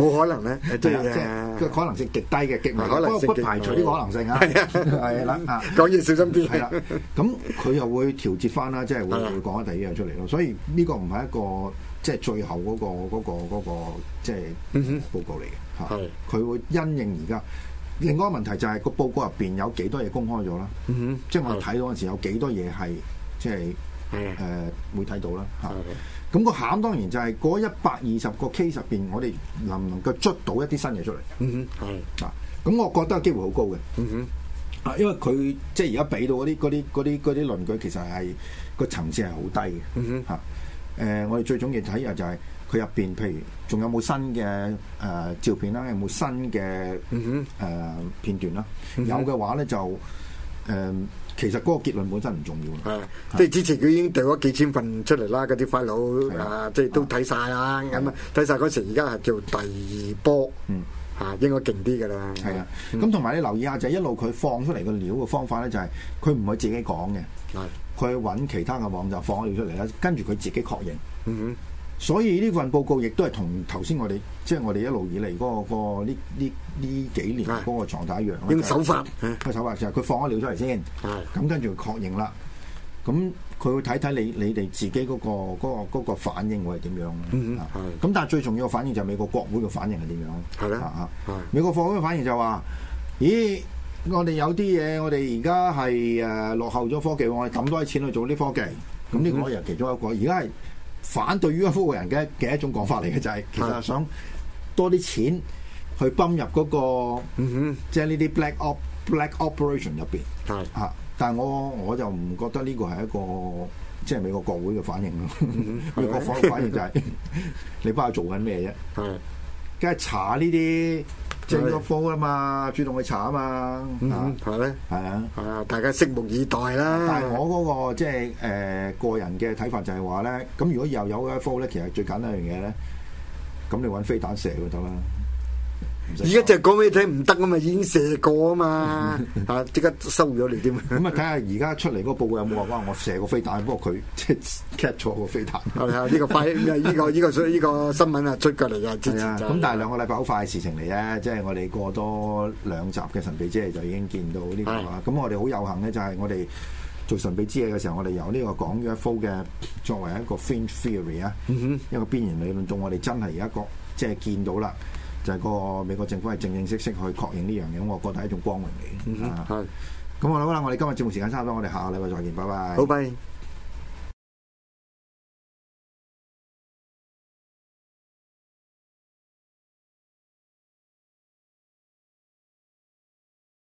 冇可能咧，即係，即係，個可能性極低嘅，極唔可能，不排除呢個可能性嚇。係啊，係啦，講嘢小心啲。係啦，咁佢又會調節翻啦，即係會會講一第二樣出嚟咯。所以呢個唔係一個即係最後嗰個嗰個嗰個即係報告嚟嘅嚇。係佢會因應而家。另外一個問題就係個報告入邊有幾多嘢公開咗啦，mm -hmm. 即係我睇到嗰陣時候有幾多嘢係即係誒會睇到啦嚇。咁、mm -hmm. 啊咁個餡當然就係嗰一百二十個 case 入邊，我哋能唔能夠捉到一啲新嘢出嚟？嗯哼，係啊，咁我覺得機會好高嘅。嗯哼，啊，因為佢即係而家俾到嗰啲啲啲啲論據其實係、個層次係好低嘅。嗯、mm、哼 -hmm. 啊呃，我哋最重要睇就係、是。佢入邊，譬如仲有冇新嘅誒照片啦？有冇新嘅誒、mm -hmm. 呃、片段啦？Mm -hmm. 有嘅話咧就誒、呃，其實嗰個結論本身唔重要，即係之前佢已經掉咗幾千份出嚟啦，嗰啲 file 佬啊，即係都睇晒啦。咁啊，睇晒嗰時，而家係叫第二波，嗯、mm、嚇 -hmm. 啊、應該勁啲嘅啦。係啦，咁同埋你留意一下就係、是、一路佢放出嚟嘅料嘅方法咧，就係佢唔會自己講嘅，係佢揾其他嘅網站放啲料出嚟啦，跟住佢自己確認。嗯哼。所以呢份報告亦都係同頭先我哋，即、就、係、是、我哋一路以嚟嗰、那個呢呢呢幾年嗰個狀態一樣。用手法，個、就是啊、手法就係、是、佢放咗料出嚟先，咁跟住確認啦。咁佢會睇睇你你哋自己嗰、那個嗰、那個那個、反應係點樣？啊、嗯，咁但係最重要嘅反應就係美國國會嘅反應係點樣？係咧嚇，美國國會嘅反應就話、是：咦，我哋有啲嘢，我哋而家係誒落後咗科技，我哋抌多啲錢去做啲科技。咁、嗯、呢、嗯、個又係其中一個。而家係。反對 UFO 嘅人嘅嘅一種講法嚟嘅就係、是，其實想多啲錢去泵入嗰、那個，即係呢啲 black op black operation 入邊。係、mm、嚇 -hmm.，但係我我就唔覺得呢個係一個即係、就是、美國國會嘅反應咯。Mm -hmm. 美國國會反應就係、是、 你幫我做緊咩啫？係、mm -hmm.，梗係查呢啲。正個科啊嘛，主動去查啊嘛，係、嗯、咧，係啊，係啊，啊，啊，大家拭目以待啦。但係我嗰、那個即係誒個人嘅睇法就係話咧，咁如果又有嗰科咧，其實最簡單一樣嘢咧，咁你揾飛彈射就得啦。而家就講俾你聽，唔得啊嘛，已經射過啊嘛，即、 啊、刻收咗你點？咁啊，睇下而家出嚟嗰個報告有冇話，哇！我射過飛彈， 不過佢即係 catch 個飛彈。係啊，呢、這個快，呢、 這個呢、這個呢、這個這個這個新聞啊出嚟㗎啊。咁、啊就是啊、但係兩個禮拜好快嘅事情嚟咧，即、就、係、是、我哋過多兩集嘅神秘之夜就已經見到呢、這個咁我哋好有幸呢，就係我哋做神秘之夜嘅時候，我哋有呢個廣約科嘅作為一個 fringe theory 啊、嗯，一個邊緣理論中，我哋真係有一個即係、就是、見到啦。就係、是、個美國政府係正正式式去確認呢樣嘢，我覺得係一種光榮嚟嘅。係、mm -hmm. 啊，咁、mm -hmm. 嗯、好啦，我哋今日節目時間差唔多，我哋下個禮拜再見，拜拜。好 bye。